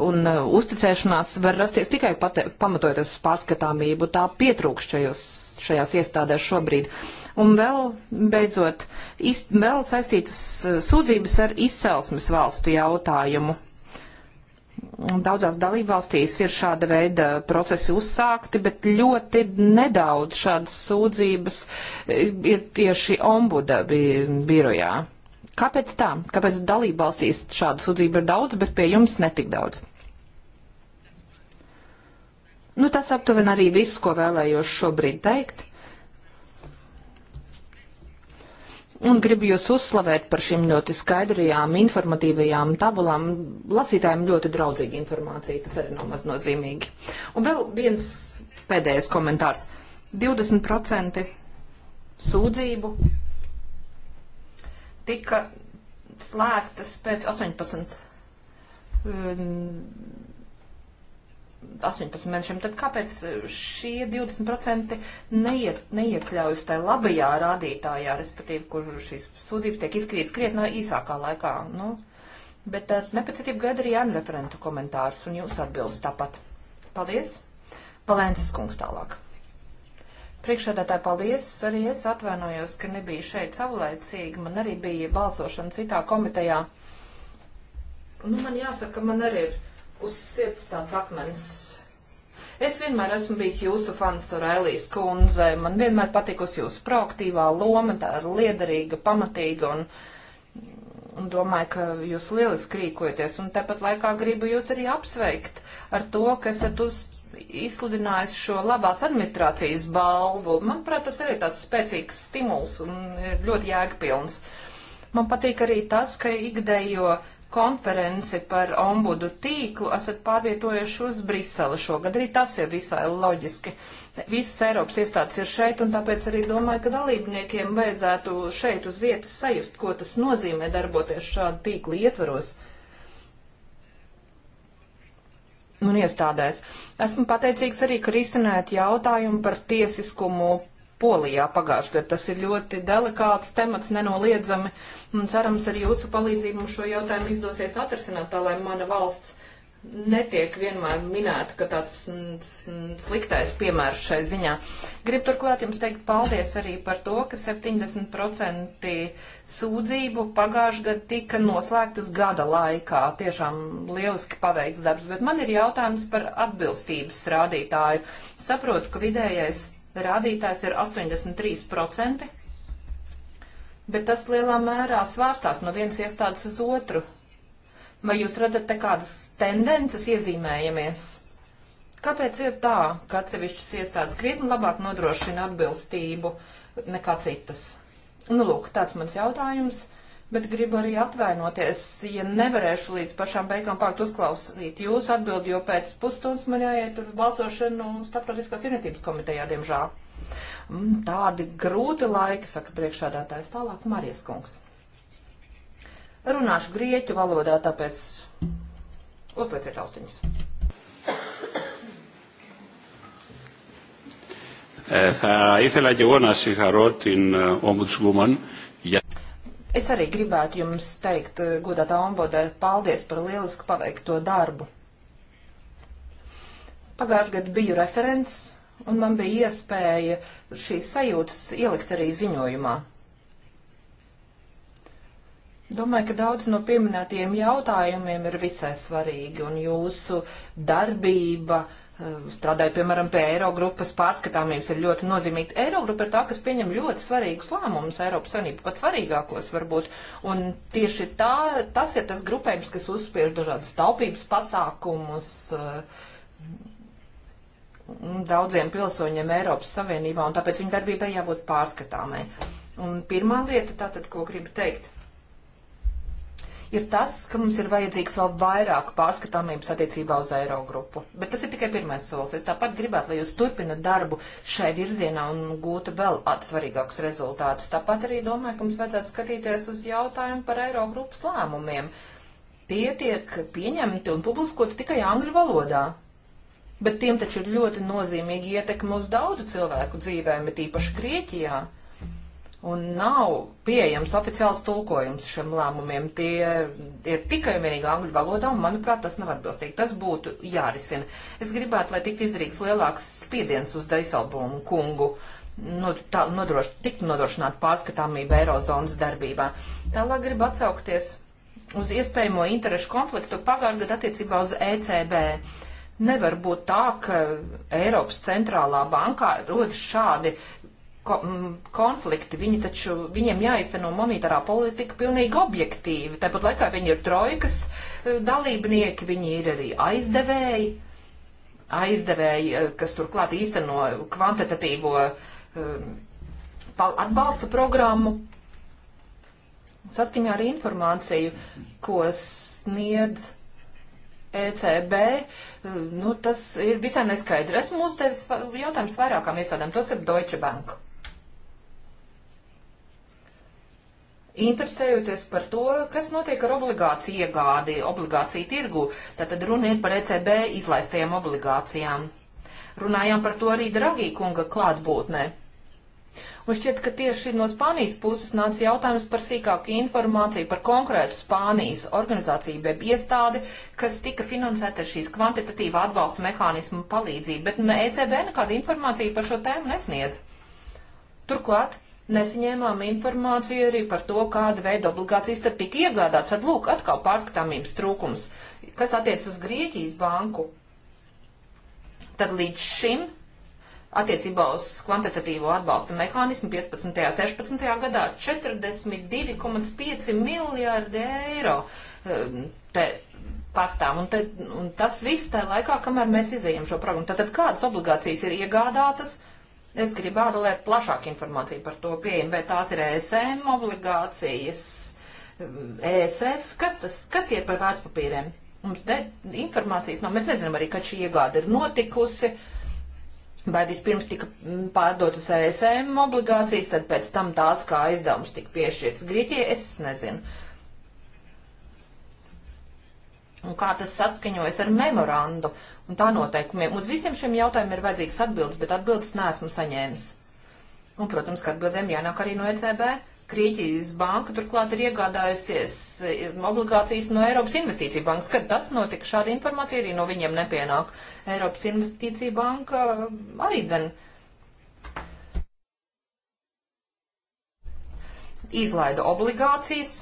Un eh, uzticēšanās var rasties tikai pate, pamatojoties uz pārskatāmību. Tā pietrūkst šajos, šajās iestādēs šobrīd. Un vēl, beidzot, iz, vēl saistītas eh, sūdzības ar izcelsmes valstu jautājumu. Daudzās dalībvalstīs ir šāda veida procesi uzsākti, bet ļoti nedaudz šādas sūdzības ir tieši ombuda bi birojā. Kāpēc tā? Kāpēc dalībvalstīs šādu sūdzību ir daudz, bet pie jums netik daudz? Nu, tas aptuveni arī viss, ko vēlējos šobrīd teikt. un gribu jūs uzslavēt par šīm ļoti skaidrajām, informatīvajām tabulām. Lasītājiem ļoti draudzīga informācija, tas arī nav maz nozīmīgi. Un vēl viens pēdējais komentārs. 20% sūdzību tika slēgtas pēc 18. Um, 18 mēnešiem, tad kāpēc eh, šie 20% neiet, neiekļaujas tajā labajā rādītājā, respektīvi, kur šīs sūdzības tiek izkrītas krietnā īsākā laikā? Nu, bet ar nepacietību gaidu arī Jāna referentu komentārus un jūs atbildes tāpat. Paldies! Valēnces kungs tālāk. Priekšādātāji, paldies! Arī es atvainojos, ka nebiju šeit savlaicīgi. Man arī bija balsošana citā komitejā. Nu, man jāsaka, man arī ir uz sirds tāds akmens. Es vienmēr esmu bijis jūsu fans ar Elijas kundze. Man vienmēr patikusi jūsu proaktīvā loma, tā ir liederīga, pamatīga un, un domāju, ka jūs lieliski rīkojaties. Un tāpat laikā gribu jūs arī apsveikt ar to, ka esat uz izsludinājis šo labās administrācijas balvu. Manuprāt, tas arī tāds spēcīgs stimuls un ir ļoti jēgpilns. Man patīk arī tas, ka ikdējo konferenci par ombudu tīklu esat pārvietojuši uz Briseli šogad. Arī tas ir visai loģiski. Visas Eiropas iestādes ir šeit, un tāpēc arī domāju, ka dalībniekiem vajadzētu šeit uz vietas sajust, ko tas nozīmē darboties šādu tīklu ietvaros. Un iestādēs. Esmu pateicīgs arī, ka risinājāt jautājumu par tiesiskumu Polijā pagājušajā gadā. Tas ir ļoti delikāts temats, nenoliedzami. Un cerams, ar jūsu palīdzību mums šo jautājumu izdosies atrasināt, tā lai mana valsts netiek vienmēr minēta, ka tāds sliktais piemērs šai ziņā. Gribu turklāt jums teikt paldies arī par to, ka 70% sūdzību pagājušajā gadā tika noslēgtas gada laikā. Tiešām lieliski paveikts darbs, bet man ir jautājums par atbilstības rādītāju. Saprotu, ka vidējais rādītājs ir 83%, bet tas lielā mērā svārstās no vienas iestādes uz otru. Vai jūs redzat te kādas tendences iezīmējamies? Kāpēc ir tā, ka atsevišķas iestādes krietni labāk nodrošina atbilstību nekā citas? Nu, lūk, tāds mans jautājums bet gribu arī atvainoties, ja nevarēšu līdz pašām beigām pārt uzklausīt jūsu atbildi, jo pēc pusstundas man jāiet uz balsošanu starptautiskās vienotības komitejā, diemžēl. Mm, tādi grūti laiki, saka priekšādātājs tālāk, Marijas kungs. Runāšu grieķu valodā, tāpēc uzlieciet austiņas. Eh, θα ήθελα και εγώ να συγχαρώ την Ombudswoman για... Es arī gribētu jums teikt, eh, godātā ombodē, paldies par lielisku paveikto darbu. Pagājušajā gadā biju referents, un man bija iespēja šīs sajūtas ielikt arī ziņojumā. Domāju, ka daudz no pieminētajiem jautājumiem ir visai svarīgi, un jūsu darbība, uh, Ehm, strādāju, piemēram, pie Eirogrupas pārskatāmības, ir ļoti nozīmīga. Eirogrupa ir tā, kas pieņem ļoti svarīgus lēmumus Eiropas Sanību, pat svarīgākos varbūt. Un tieši tā, tas ir tas grupējums, kas uzspiež dažādas taupības pasākumus ehm, daudziem pilsoņiem Eiropas Savienībā, un tāpēc viņa darbībai jābūt pārskatāmai. Un pirmā lieta, tātad, ko gribu teikt, ir tas, ka mums ir vajadzīgs vēl vairāk pārskatāmības attiecībā uz Eirogrupu. Bet tas ir tikai pirmais solis. Es tāpat gribētu, lai jūs turpinat darbu šai virzienā un gūtu vēl svarīgākus rezultātus. Tāpat arī domāju, ka mums vajadzētu skatīties uz jautājumu par Eirogrupas lēmumiem. Tie tiek pieņemti un publiskoti tikai angļu valodā. Bet tiem taču ir ļoti nozīmīgi ietekme uz daudzu cilvēku dzīvēm, bet īpaši Grieķijā un nav pieejams oficiāls tulkojums šiem lēmumiem. Tie ir tikai un vienīgi angļu valodā, un manuprāt, tas nav atbilstīgi. Tas būtu jārisina. Es gribētu, lai tiktu izdarīts lielāks spiediens uz Daisalbumu kungu. Nu, tā, nodroš, tiktu nodrošināta pārskatāmība Eirozonas darbībā. Tālāk gribu atsaukties uz iespējamo interešu konfliktu pagājušajā gadā attiecībā uz ECB. Nevar būt tā, ka Eiropas centrālā bankā rodas šādi ko, m, mm, konflikti, viņi taču, viņiem jāizteno monetārā politika pilnīgi objektīvi. Tāpat laikā viņi ir trojkas e, dalībnieki, viņi ir arī aizdevēji, aizdevēji, e, kas turklāt īsteno kvantitatīvo um, atbalsta programmu. Saskaņā ar informāciju, ko sniedz ECB, nu, tas ir visai neskaidri. Esmu uzdevis jautājumus vairākām iestādēm, tostarp Deutsche Bank. interesējoties par to, kas notiek ar obligāciju iegādi, obligāciju tirgu. Tātad runa ir par ECB izlaistajām obligācijām. Runājām par to arī Dragī kunga klātbūtnē. Un šķiet, ka tieši no Spānijas puses nāca jautājums par sīkāku informāciju par konkrētu Spānijas organizāciju, bet iestādi, kas tika finansēta ar šīs kvantitatīva atbalsta mehānismu palīdzību, bet ECB e nekāda informācija par šo tēmu nesniedz. Turklāt nesaņēmām informāciju arī par to, kāda veida obligācijas tad tika iegādāts. Tad lūk, atkal pārskatāmības trūkums, kas attiec uz Grieķijas banku. Tad līdz šim attiecībā uz kvantitatīvo atbalsta mehānismu 15. un 16. gadā 42,5 miljārdi eiro um, te pastām. Un, te, un tas viss tajā laikā, kamēr mēs izējām šo programmu. Tad, tad kādas obligācijas ir iegādātas? Uh, Es gribētu, lai plašāk informācija par to pieejam, vai tās ir ESM obligācijas, ESF, kas, tas, kas tie ir par vērtspapīriem. Mums ne, informācijas nav, mēs nezinām arī, kad šī iegāda ir notikusi, vai vispirms tika mm, pārdotas ESM obligācijas, tad pēc tam tās kā aizdevums tika piešķirts Grieķijai, es nezinu un kā tas saskaņojas ar memorandu un tā noteikumiem. Uz visiem šiem jautājumiem ir vajadzīgs atbildes, bet atbildes neesmu saņēmis. Un, protams, ka atbildēm jānāk arī no ECB. Krieķijas banka turklāt ir iegādājusies eh, obligācijas no Eiropas Investīcija bankas. Kad tas notika, šāda informācija arī no viņiem nepienāk. Eiropas Investīcija banka arī dzen izlaida obligācijas,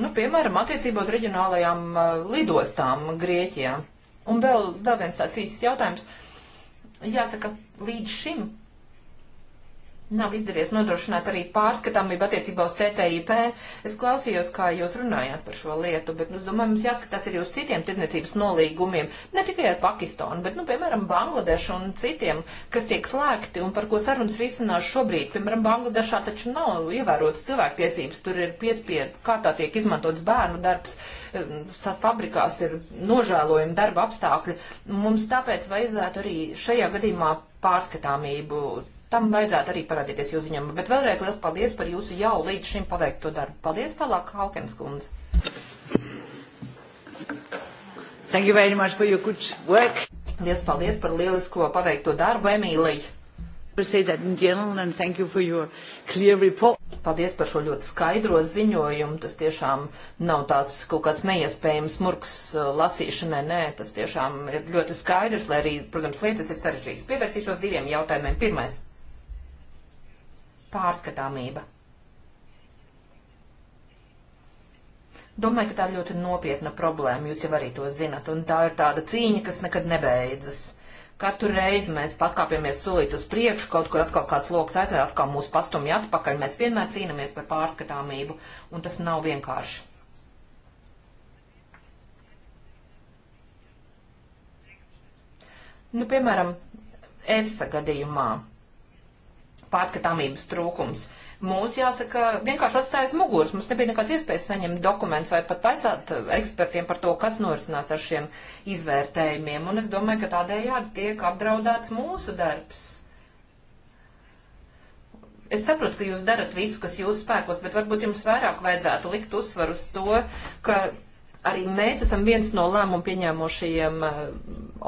Nu, piemēram, attiecībā uz reģionālajām uh, lidostām Grieķijā. Un vēl, vēl viens tāds īsts jautājums. Jāsaka, līdz šim nav izdevies nodrošināt arī pārskatāmību attiecībā uz TTIP. Es klausījos, kā jūs runājāt par šo lietu, bet nu, es domāju, mums jāskatās arī uz citiem tirdzniecības nolīgumiem, ne tikai ar Pakistānu, bet, nu, piemēram, Bangladešu un citiem, kas tiek slēgti un par ko sarunas risinās šobrīd. Piemēram, Bangladešā taču nav ievērotas cilvēktiesības, tur ir piespiedu kārtā tiek izmantots bērnu darbs, fabrikās ir nožēlojumi darba apstākļi. Mums tāpēc vajadzētu arī šajā gadījumā pārskatāmību Tam vajadzētu arī parādīties jūsu ziņām. Bet vēlreiz liels paldies par jūsu jau līdz šim paveikto darbu. Paldies tālāk, Haukens kundze. Thank you very much for your good work. Liels paldies par lielisko paveikto darbu, Emīlija. Paldies par šo ļoti skaidro ziņojumu. Tas tiešām nav tāds kaut kāds neiespējams murgs uh, lasīšanai. Nē, tas tiešām ir ļoti skaidrs, lai arī, protams, lietas ir sarežģītas. Pievērsīšos diviem jautājumiem. Pirmais pārskatāmība. Domāju, ka tā ir ļoti nopietna problēma, jūs jau arī to zinat, un tā ir tāda cīņa, kas nekad nebeidzas. Katru reizi mēs pakāpjamies solīt uz priekšu, kaut kur atkal kāds lokus aizsēž, atkal mūsu pastumja atpakaļ, mēs vienmēr cīnāmies par pārskatāmību, un tas nav vienkārši. Nu, piemēram, EFSA gadījumā pārskatāmības trūkums. Mūs, jāsaka, vienkārši atstājas muguras. Mums nebija nekāds iespējas saņemt dokumentus vai pat paicāt eh, ekspertiem par to, kas norisinās ar šiem izvērtējumiem. Un es domāju, ka tādējādi tiek apdraudēts mūsu darbs. Es saprotu, ka jūs darat visu, kas jūsu spēkos, bet varbūt jums vairāk vajadzētu likt uzsvaru uz to, ka arī mēs esam viens no lēmumu pieņēmošajiem eh,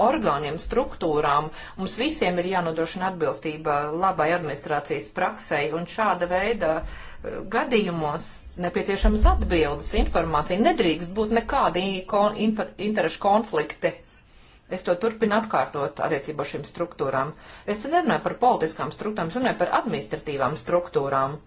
orgāniem, struktūrām. Mums visiem ir jānodrošina atbilstība labai administrācijas praksei, un šāda veida eh, gadījumos nepieciešams atbildes informācija. Nedrīkst būt nekādi kon, infa, interešu konflikti. Es to turpinu atkārtot attiecībā šīm struktūrām. Es te nerunāju par politiskām struktūrām, es runāju par administratīvām struktūrām.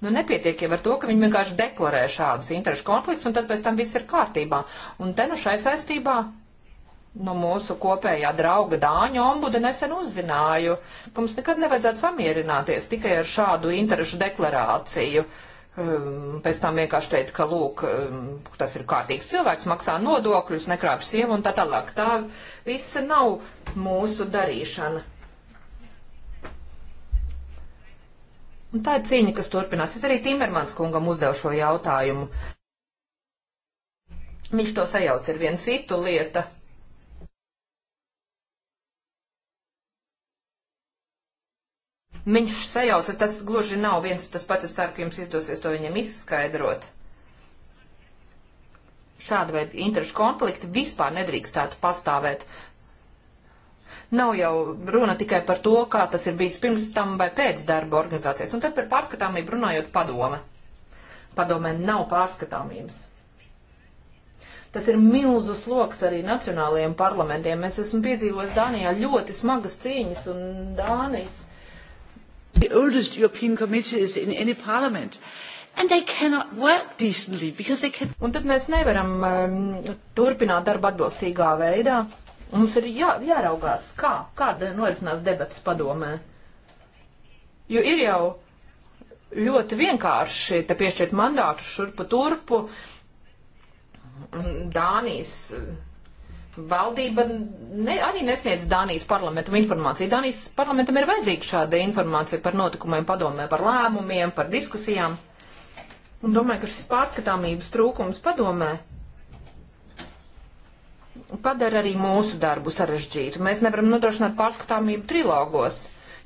Nu, nepietiek jau ar to, ka viņi vienkārši deklarē šādus interešu konfliktus, un tad pēc tam viss ir kārtībā. Un te nu šai saistībā no nu, mūsu kopējā drauga Dāņa ombuda nesen uzzināju, ka mums nekad nevajadzētu samierināties tikai ar šādu interešu deklarāciju. Um, pēc tam vienkārši teikt, ka, lūk, um, tas ir kārtīgs cilvēks, maksā nodokļus, nekrāpj sievu un tā tālāk. Tā viss nav mūsu darīšana. Un tā ir cīņa, kas turpinās. Es arī Timermans kungam uzdevu šo jautājumu. Viņš to sajauc ar vienu citu lietu. Viņš sajauca, tas gluži nav viens tas pats, es ceru, ka jums izdosies to viņam izskaidrot. Šāda veida interešu konflikti vispār nedrīkstētu pastāvēt Nav jau runa tikai par to, kā tas ir bijis pirms tam vai pēc darba organizācijas. Un tad par pārskatāmību runājot padome. Padomē nav pārskatāmības. Tas ir milzu sloks arī nacionālajiem parlamentiem. Es esmu piedzīvojis Dānijā ļoti smagas cīņas un Dānijas. The oldest European committee is in any parliament. And they cannot work decently because they can... Un tad mēs nevaram um, turpināt darbu atbilstīgā veidā. Mums ir jā, jāraugās, kā, kāda norisinās debats padomē. Jo ir jau ļoti vienkārši te piešķirt mandātu šurpu turpu. Dānijas valdība ne, arī nesniedz Dānijas parlamentam informāciju. Dānijas parlamentam ir vajadzīga šāda informācija par notikumiem padomē, par lēmumiem, par diskusijām. Un domāju, ka šis pārskatāmības trūkums padomē padara arī mūsu darbu sarežģītu. Mēs nevaram nodrošināt pārskatāmību trilogos.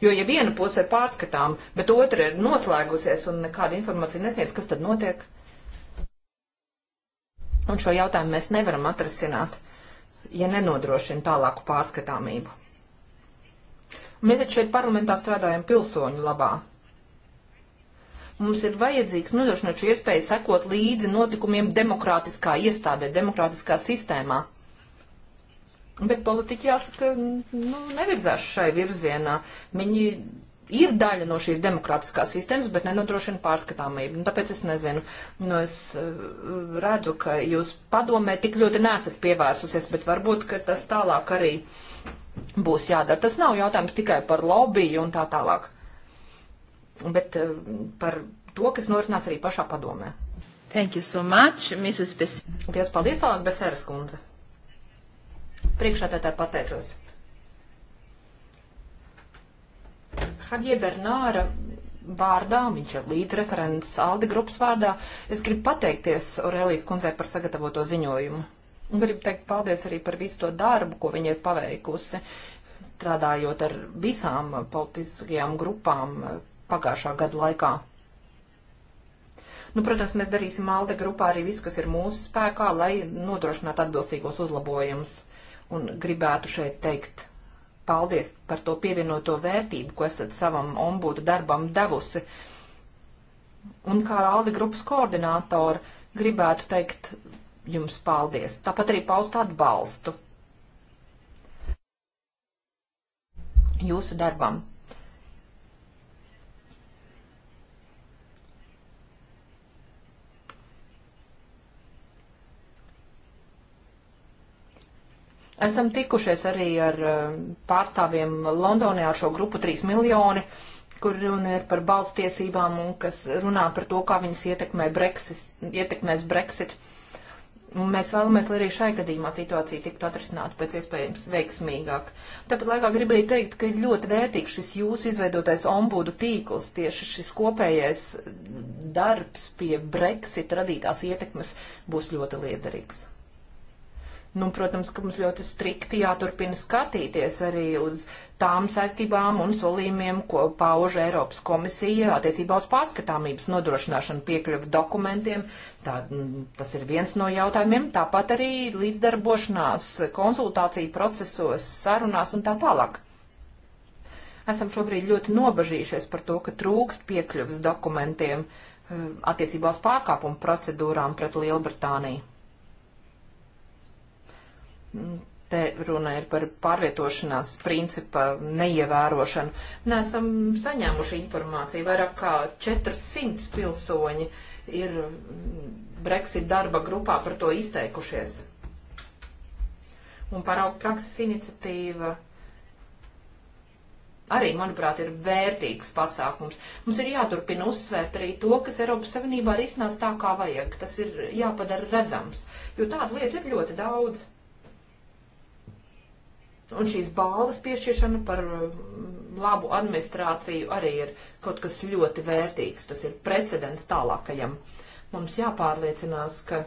Jo, ja viena puse ir pārskatām, bet otra ir noslēgusies un nekāda informācija nesniedz, kas tad notiek? Un šo jautājumu mēs nevaram atrasināt, ja nenodrošina tālāku pārskatāmību. Mēs taču šeit parlamentā strādājam pilsoņu labā. Mums ir vajadzīgs nodrošināt šo iespēju sekot līdzi notikumiem demokrātiskā iestādē, demokrātiskā sistēmā. Bet politiķi jāsaka, nu, nevirzās šai virzienā. Viņi ir daļa no šīs demokrātiskās sistēmas, bet nenodrošina pārskatāmību. Nu, tāpēc es nezinu, nu, es uh, redzu, ka jūs padomē tik ļoti nesat pievērsusies, bet varbūt, ka tas tālāk arī būs jādara. Tas nav jautājums tikai par lobiju un tā tālāk, bet uh, par to, kas norisinās arī pašā padomē. Thank you so much, Mrs. Bes. Paldies, paldies, tālāk, Beseras kundze. Priekšādātā pateicos. Javier Bernāra vārdā, viņš ir līdzreferents Aldi grupas vārdā. Es gribu pateikties Aurelijas kundzei par sagatavoto ziņojumu. Un gribu teikt paldies arī par visu to darbu, ko viņa ir paveikusi, strādājot ar visām politiskajām grupām pagājušā gada laikā. Nu, protams, mēs darīsim Alde grupā arī visu, kas ir mūsu spēkā, lai nodrošinātu atbilstīgos uzlabojumus un gribētu šeit teikt paldies par to pievienoto vērtību, ko esat savam ombudu darbam devusi. Un kā Alde grupas koordinātori gribētu teikt jums paldies, tāpat arī paust atbalstu jūsu darbam. Esam tikušies arī ar eh, pārstāvjiem Londonē ar šo grupu 3 miljoni, kur runa ir par balstiesībām un kas runā par to, kā viņas ietekmē Brexit, ietekmēs Brexit. Un mēs vēlamies, lai arī šai gadījumā situācija tiktu atrisināta pēc iespējams veiksmīgāk. Tāpat laikā gribēju teikt, ka ir ļoti vērtīgs šis jūsu izveidotais ombudu tīkls, tieši šis kopējais darbs pie Brexit radītās ietekmes būs ļoti liederīgs. Nu, protams, ka mums ļoti strikti jāturpina skatīties arī uz tām saistībām un solījumiem, ko pauž Eiropas komisija attiecībā uz pārskatāmības nodrošināšanu piekļuvu dokumentiem. Tā, mm, tas ir viens no jautājumiem. Tāpat arī līdzdarbošanās konsultāciju procesos, sarunās un tā tālāk esam šobrīd ļoti nobažījušies par to, ka trūkst piekļuvas dokumentiem eh, attiecībā uz pārkāpumu procedūrām pret Lielbritāniju. Te runa ir par pārvietošanās principa neievērošanu. Nesam saņēmuši informāciju. Vairāk kā 400 pilsoņi ir Brexit darba grupā par to izteikušies. Un paraugu prakses iniciatīva arī, manuprāt, ir vērtīgs pasākums. Mums ir jāturpina uzsvērt arī to, kas Eiropas Savienībā arī iznāca tā, kā vajag. Tas ir jāpadara redzams, jo tādu lietu ir ļoti daudz. Un šīs balvas piešķiršana par mm, labu administrāciju arī ir kaut kas ļoti vērtīgs. Tas ir precedents tālākajam. Mums jāpārliecinās, ka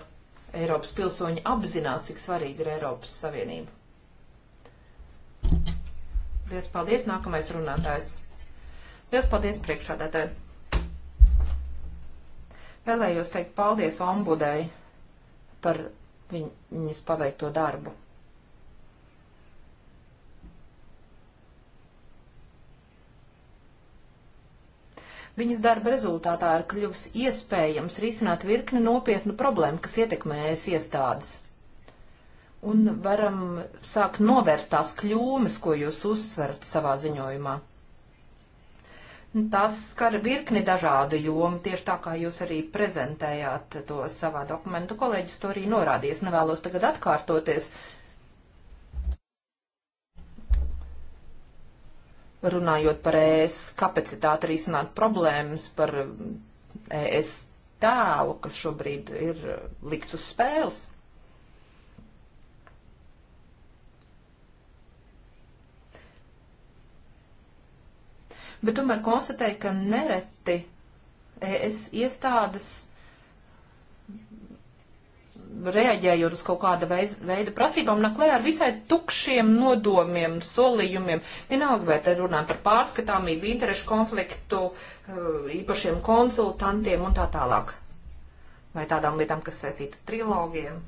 Eiropas pilsoņi apzinās, cik svarīga ir Eiropas Savienība. Lielas paldies, nākamais runātājs. Lielas paldies priekšādātāji. Vēlējos teikt paldies ombudai par viņas paveikto darbu. Viņas darba rezultātā ir kļuvis iespējams risināt virkni nopietnu problēmu, kas ietekmējas iestādes. Un varam sākt novērst tās kļūmes, ko jūs uzsverat savā ziņojumā. Tas skar virkni dažādu jomu, tieši tā kā jūs arī prezentējāt to savā dokumentu. Kolēģis to arī norādījis. Nevēlos tagad atkārtoties, runājot par ES kapacitāti risināt problēmas, par mm, ES tēlu, kas šobrīd ir mm, likts uz spēles. Bet tomēr konstatēju, ka nereti ES iestādes reaģējot uz kaut kāda veida prasībām, naklē ar visai tukšiem nodomiem, solījumiem. Vienalga, vai te runājam par pārskatāmību, interešu konfliktu, eh, īpašiem konsultantiem un tā tālāk. Vai tādām lietām, kas saistīta trilogiem.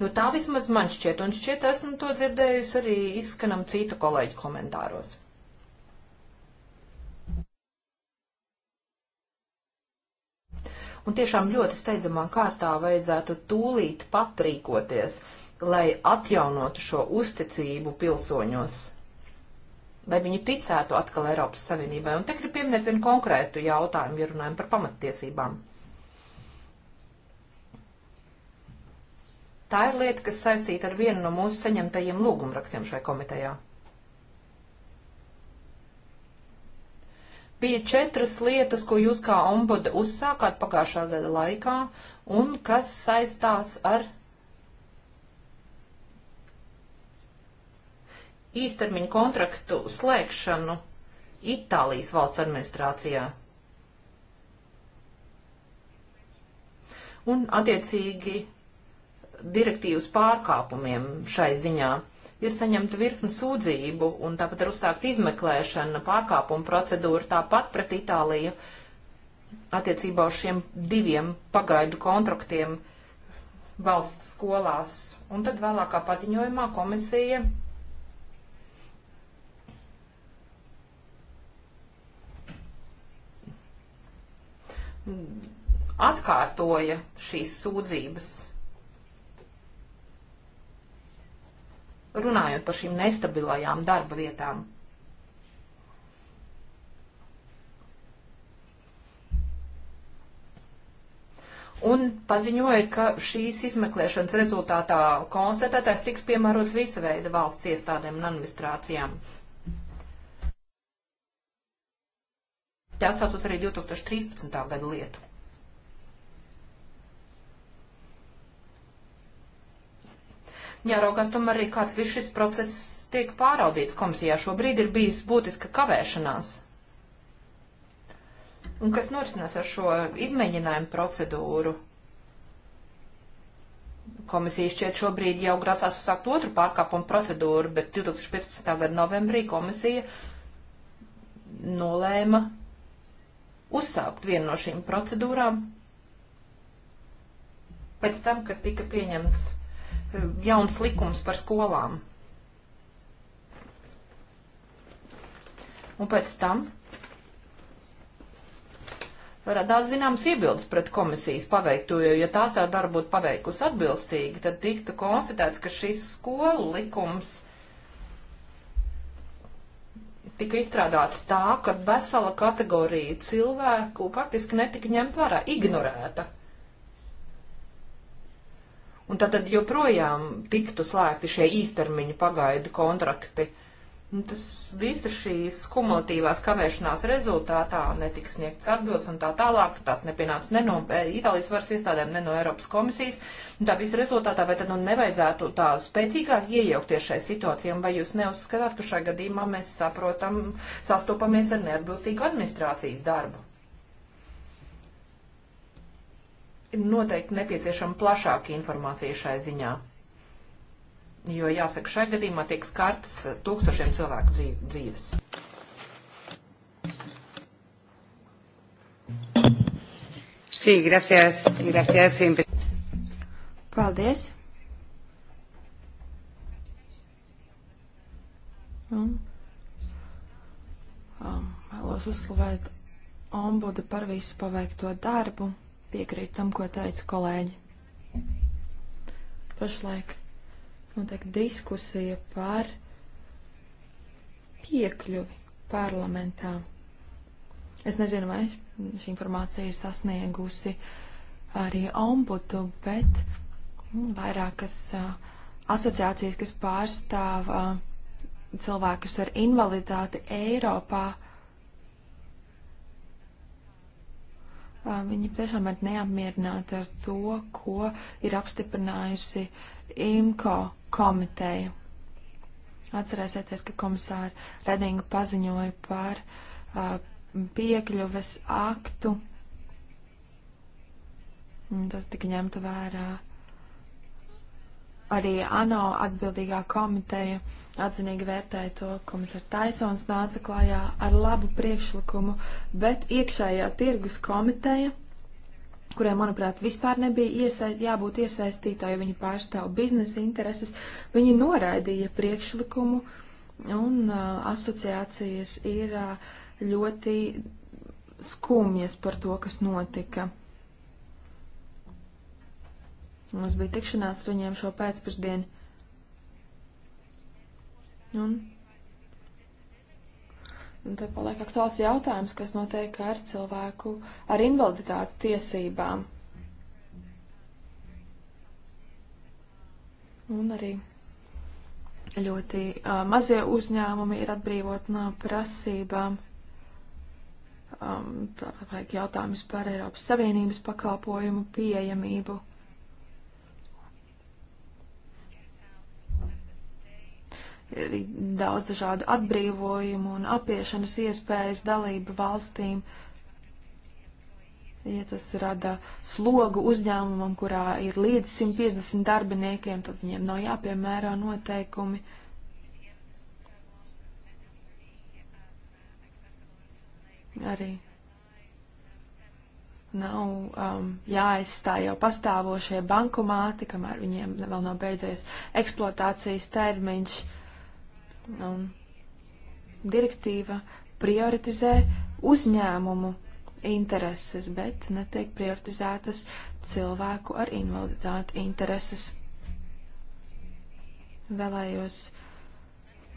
Nu, tā vismaz man šķiet, un šķiet esmu to dzirdējusi arī izskanam citu kolēģu komentāros. un tiešām ļoti steidzamā kārtā vajadzētu tūlīt pat rīkoties, lai atjaunotu šo uzticību pilsoņos, lai viņi ticētu atkal Eiropas Savienībai. Un te gribu pieminēt vienu konkrētu jautājumu, ja runājam par pamattiesībām. Tā ir lieta, kas saistīta ar vienu no mūsu saņemtajiem lūgumrakstiem šai komitejā. Bija četras lietas, ko jūs kā ombuda uzsākāt pagājušā gada laikā un kas saistās ar īstermiņa kontraktu slēgšanu Itālijas valsts administrācijā. Un attiecīgi direktīvas pārkāpumiem šai ziņā ir saņemta virkni sūdzību un tāpat ir uzsākt izmeklēšana, pārkāpuma procedūra tāpat pret Itāliju attiecībā uz šiem diviem pagaidu kontraktiem valsts skolās. Un tad vēlākā paziņojumā komisija atkārtoja šīs sūdzības runājot par šīm nestabilajām darba vietām. Un paziņoja, ka šīs izmeklēšanas rezultātā konstatētais tiks piemērots visa veida valsts iestādēm un administrācijām. Te atsaucos arī 2013. gada lietu. jāraukās tomēr arī, kāds viss šis process tiek pāraudīts komisijā. Šobrīd ir bijis būtiska kavēšanās. Un kas norisinās ar šo izmēģinājumu procedūru? Komisija šķiet šobrīd jau grasās uzsākt otru pārkāpumu procedūru, bet 2015. gada novembrī komisija nolēma uzsākt vienu no šīm procedūrām pēc tam, kad tika pieņemts jauns likums par skolām. Un pēc tam radās zināmas iebildes pret komisijas paveikto, jo, ja tās jau darbu būtu paveikusi atbilstīgi, tad tiktu konstatēts, ka šis skolu likums tika izstrādāts tā, ka vesela kategorija cilvēku faktiski netika ņemt vērā, ignorēta. Un tad, tad joprojām tiktu slēgti šie īstermiņa pagaidu kontrakti. Un tas visa šīs kumulatīvās kavēšanās rezultātā netiks sniegts atbildes un tā tālāk, tās nepienāca ne no eh, Itālijas varas iestādēm, ne no Eiropas komisijas. Un tā visa rezultātā, vai tad nu nevajadzētu tā spēcīgāk iejaukties šai situācijai, vai jūs neuzskatāt, ka šajā gadījumā mēs saprotam, sastopamies ar neatbilstīgu administrācijas darbu? ir noteikti nepieciešama plašāka informācija šai ziņā. Jo, jāsaka, šai gadījumā tiek skartas eh, tūkstošiem cilvēku dzīves. Sí, gracias, gracias. Paldies. Un, um, vēlos uzslavēt ombudu par visu paveikto darbu piekrītu tam, ko teica kolēģi. Pašlaik notiek diskusija par piekļuvi parlamentā. Es nezinu, vai šī informācija ir sasniegusi arī ombudu, bet vairākas asociācijas, kas pārstāv cilvēkus ar invaliditāti Eiropā, Viņi tiešām ir neapmierināti ar to, ko ir apstiprinājusi IMCO komiteja. Atcerēsieties, ka komisāra Redinga paziņoja par uh, piekļuves aktu. Tas tika ņemta vērā uh, arī ANO atbildīgā komiteja atzinīgi vērtēja to, komisārs Taisons nāca klājā ar labu priekšlikumu, bet iekšējā tirgus komiteja, kurai, manuprāt, vispār nebija iesaist, jābūt iesaistītā, jo viņi pārstāv biznesa intereses, viņi noraidīja priekšlikumu, un uh, asociācijas ir uh, ļoti skumjas par to, kas notika. Mums bija tikšanās ar viņiem šo pēcpusdienu. Un, un te paliek aktuāls jautājums, kas notiek ar cilvēku ar invaliditāti tiesībām. Un arī ļoti uh, mazie uzņēmumi ir atbrīvot no prasībām. Um, tā vajag jautājums par Eiropas Savienības pakalpojumu pieejamību. ir daudz dažādu atbrīvojumu un apiešanas iespējas dalību valstīm. Ja tas rada slogu uzņēmumam, kurā ir līdz 150 darbiniekiem, tad viņiem nav jāpiemērā noteikumi. Arī nav um, jāaizstāj jau pastāvošie bankomāti, kamēr viņiem vēl nav beidzies eksploatācijas termiņš. Uh, Un direktīva prioritizē uzņēmumu intereses, bet netiek prioritizētas cilvēku ar invaliditāti intereses. Vēlējos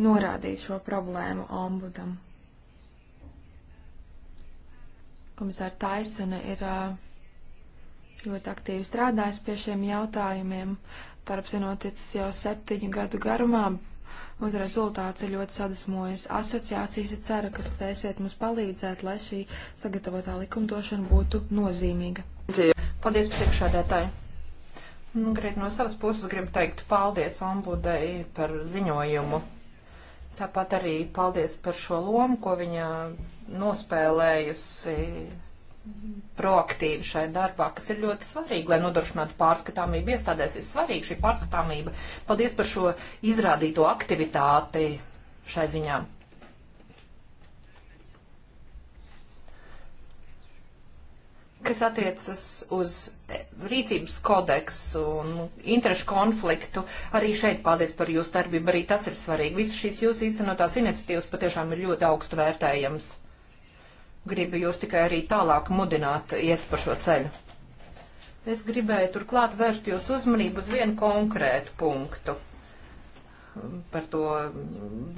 norādīt šo problēmu ombudam. Komisāra Taisana ir ļoti aktīvi strādājis pie šiem jautājumiem. Darbs ir noticis jau septiņu gadu garumā, un rezultāts ir ļoti sadusmojis. Asociācijas cera, ka spēsiet mums palīdzēt, lai šī sagatavotā likumdošana būtu nozīmīga. Paldies priekšādētāji! Nu, grib no savas puses gribu teikt paldies ombudai par ziņojumu. Tāpat arī paldies par šo lomu, ko viņa nospēlējusi proaktīvi šai darbā, kas ir ļoti svarīgi, lai nodrošinātu pārskatāmību iestādēs. Ir svarīgi šī pārskatāmība. Paldies par šo izrādīto aktivitāti šai ziņā. Kas attiecas uz rīcības kodeksu un interešu konfliktu, arī šeit paldies par jūsu darbību, arī tas ir svarīgi. Visas šīs jūsu īstenotās iniciatīvas patiešām ir ļoti augstu vērtējams. Gribu jūs tikai arī tālāk mudināt iet pa šo ceļu. Es gribēju turklāt vērst jūs uzmanību uz vienu konkrētu punktu. Par to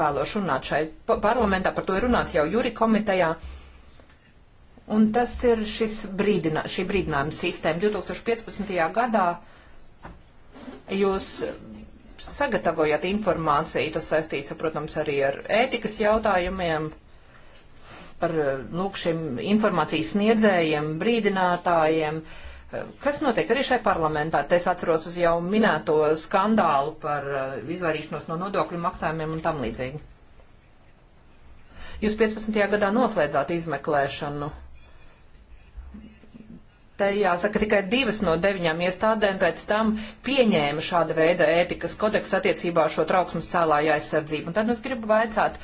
vēlos runāt šeit parlamentā, par to ir runāts jau jūri komitejā. Un tas ir šis brīdinā, šī brīdinājuma sistēma. 2015. gadā jūs sagatavojat informāciju, tas saistīts, protams, arī ar ētikas jautājumiem par nu, šiem informācijas sniedzējiem, brīdinātājiem. Kas notiek arī šai parlamentā? Te es atceros uz jau minēto skandālu par eh, izvairīšanos no nodokļu maksājumiem un tam līdzīgi. Jūs 15. gadā noslēdzāt izmeklēšanu Te jāsaka, tikai divas no deviņām iestādēm pēc tam pieņēma šāda veida ētikas kodeksu attiecībā ar šo trauksmes cēlāju aizsardzību. Un tad es gribu vaicāt,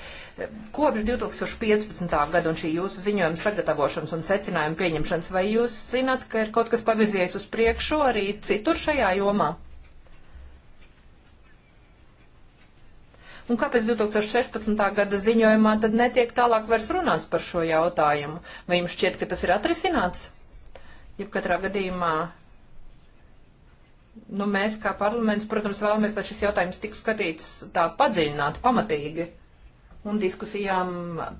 kopš 2015. gada un šī jūsu ziņojuma sagatavošanas un secinājuma pieņemšanas, vai jūs zinat, ka ir kaut kas pavirzies uz priekšu arī citur šajā jomā? Un kāpēc 2016. gada ziņojumā tad netiek tālāk vairs runāts par šo jautājumu? Vai jums šķiet, ka tas ir atrisināts? Jebkurā gadījumā nu, mēs, kā parlaments, protams, vēlamies, lai šis jautājums tiks skatīts tā padziļināti, pamatīgi. Un diskusijām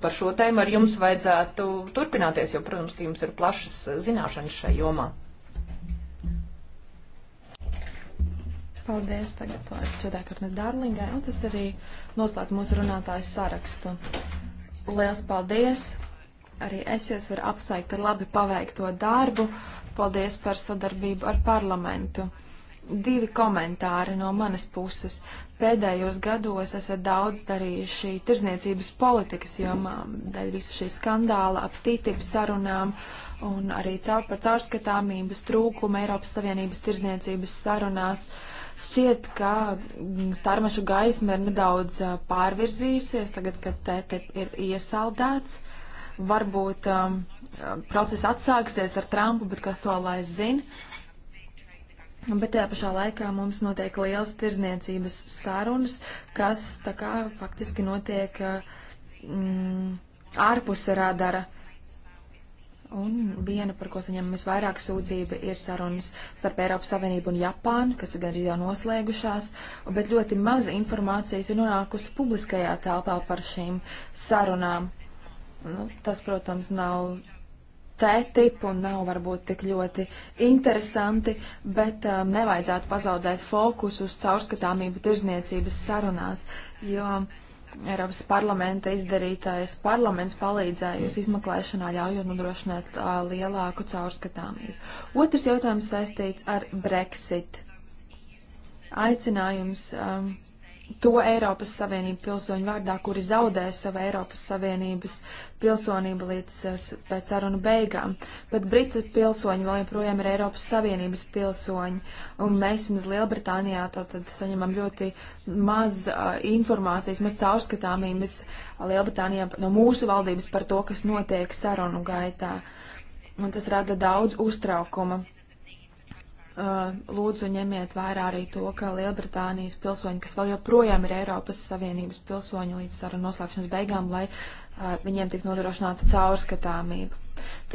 par šo tēmu ar jums vajadzētu turpināties, jo, protams, ka jums ir plašas zināšanas šai jomā. Paldies tagad Čudai Karnet Dārlingai, un tas arī noslēdz mūsu runātājs sarakstu. Liels paldies! Arī es jūs varu apsveikt ar labi paveikto darbu. Paldies par sadarbību ar parlamentu. Divi komentāri no manas puses. Pēdējos gados esat daudz darījuši tirzniecības politikas jomā, daļa visu šī skandāla ap TTIP sarunām un arī caur par caurskatāmības trūkumu Eiropas Savienības tirzniecības sarunās. Šķiet, ka starmašu gaisma ir nedaudz pārvirzījusies, tagad, kad TTIP ir iesaldēts. Uh, Varbūt um, um, process atsāksies ar Trumpu, bet kas to lai zina. Bet tajā pašā laikā mums notiek liels tirzniecības sarunas, kas tā kā faktiski notiek uh, mm, ārpus radara. Un viena, par ko saņem visvairāk sūdzība, ir sarunas starp Eiropas Savienību un Japānu, kas gan ir jau noslēgušās, bet ļoti maz informācijas ir nonākusi publiskajā telpā par šīm sarunām. Nu, tas, protams, nav tētipu un nav varbūt tik ļoti interesanti, bet um, nevajadzētu pazaudēt fokusu uz caurskatāmību tirzniecības sarunās, jo Eiropas parlamenta izdarītais parlaments palīdzējusi izmeklēšanā ļaujot nodrošināt uh, lielāku caurskatāmību. Otrs jautājums saistīts ar Brexit. Aicinājums. Um, to Eiropas Savienību pilsoņu vārdā, kuri zaudē savu Eiropas Savienības pilsonību līdz eh, pēc sarunu beigām. Bet Brita pilsoņi vēl joprojām ir Eiropas Savienības pilsoņi, un mēs vismaz Lielbritānijā tātad saņemam ļoti maz uh, informācijas, maz caurskatāmības Lielbritānijā no mūsu valdības par to, kas notiek sarunu gaitā. Un tas rada daudz uztraukuma. Uh, lūdzu ņemiet vērā arī to, ka Lielbritānijas pilsoņi, kas vēl joprojām ir Eiropas Savienības pilsoņi līdz sarunu noslēgšanas beigām, lai uh, viņiem tik nodrošināta caurskatāmība.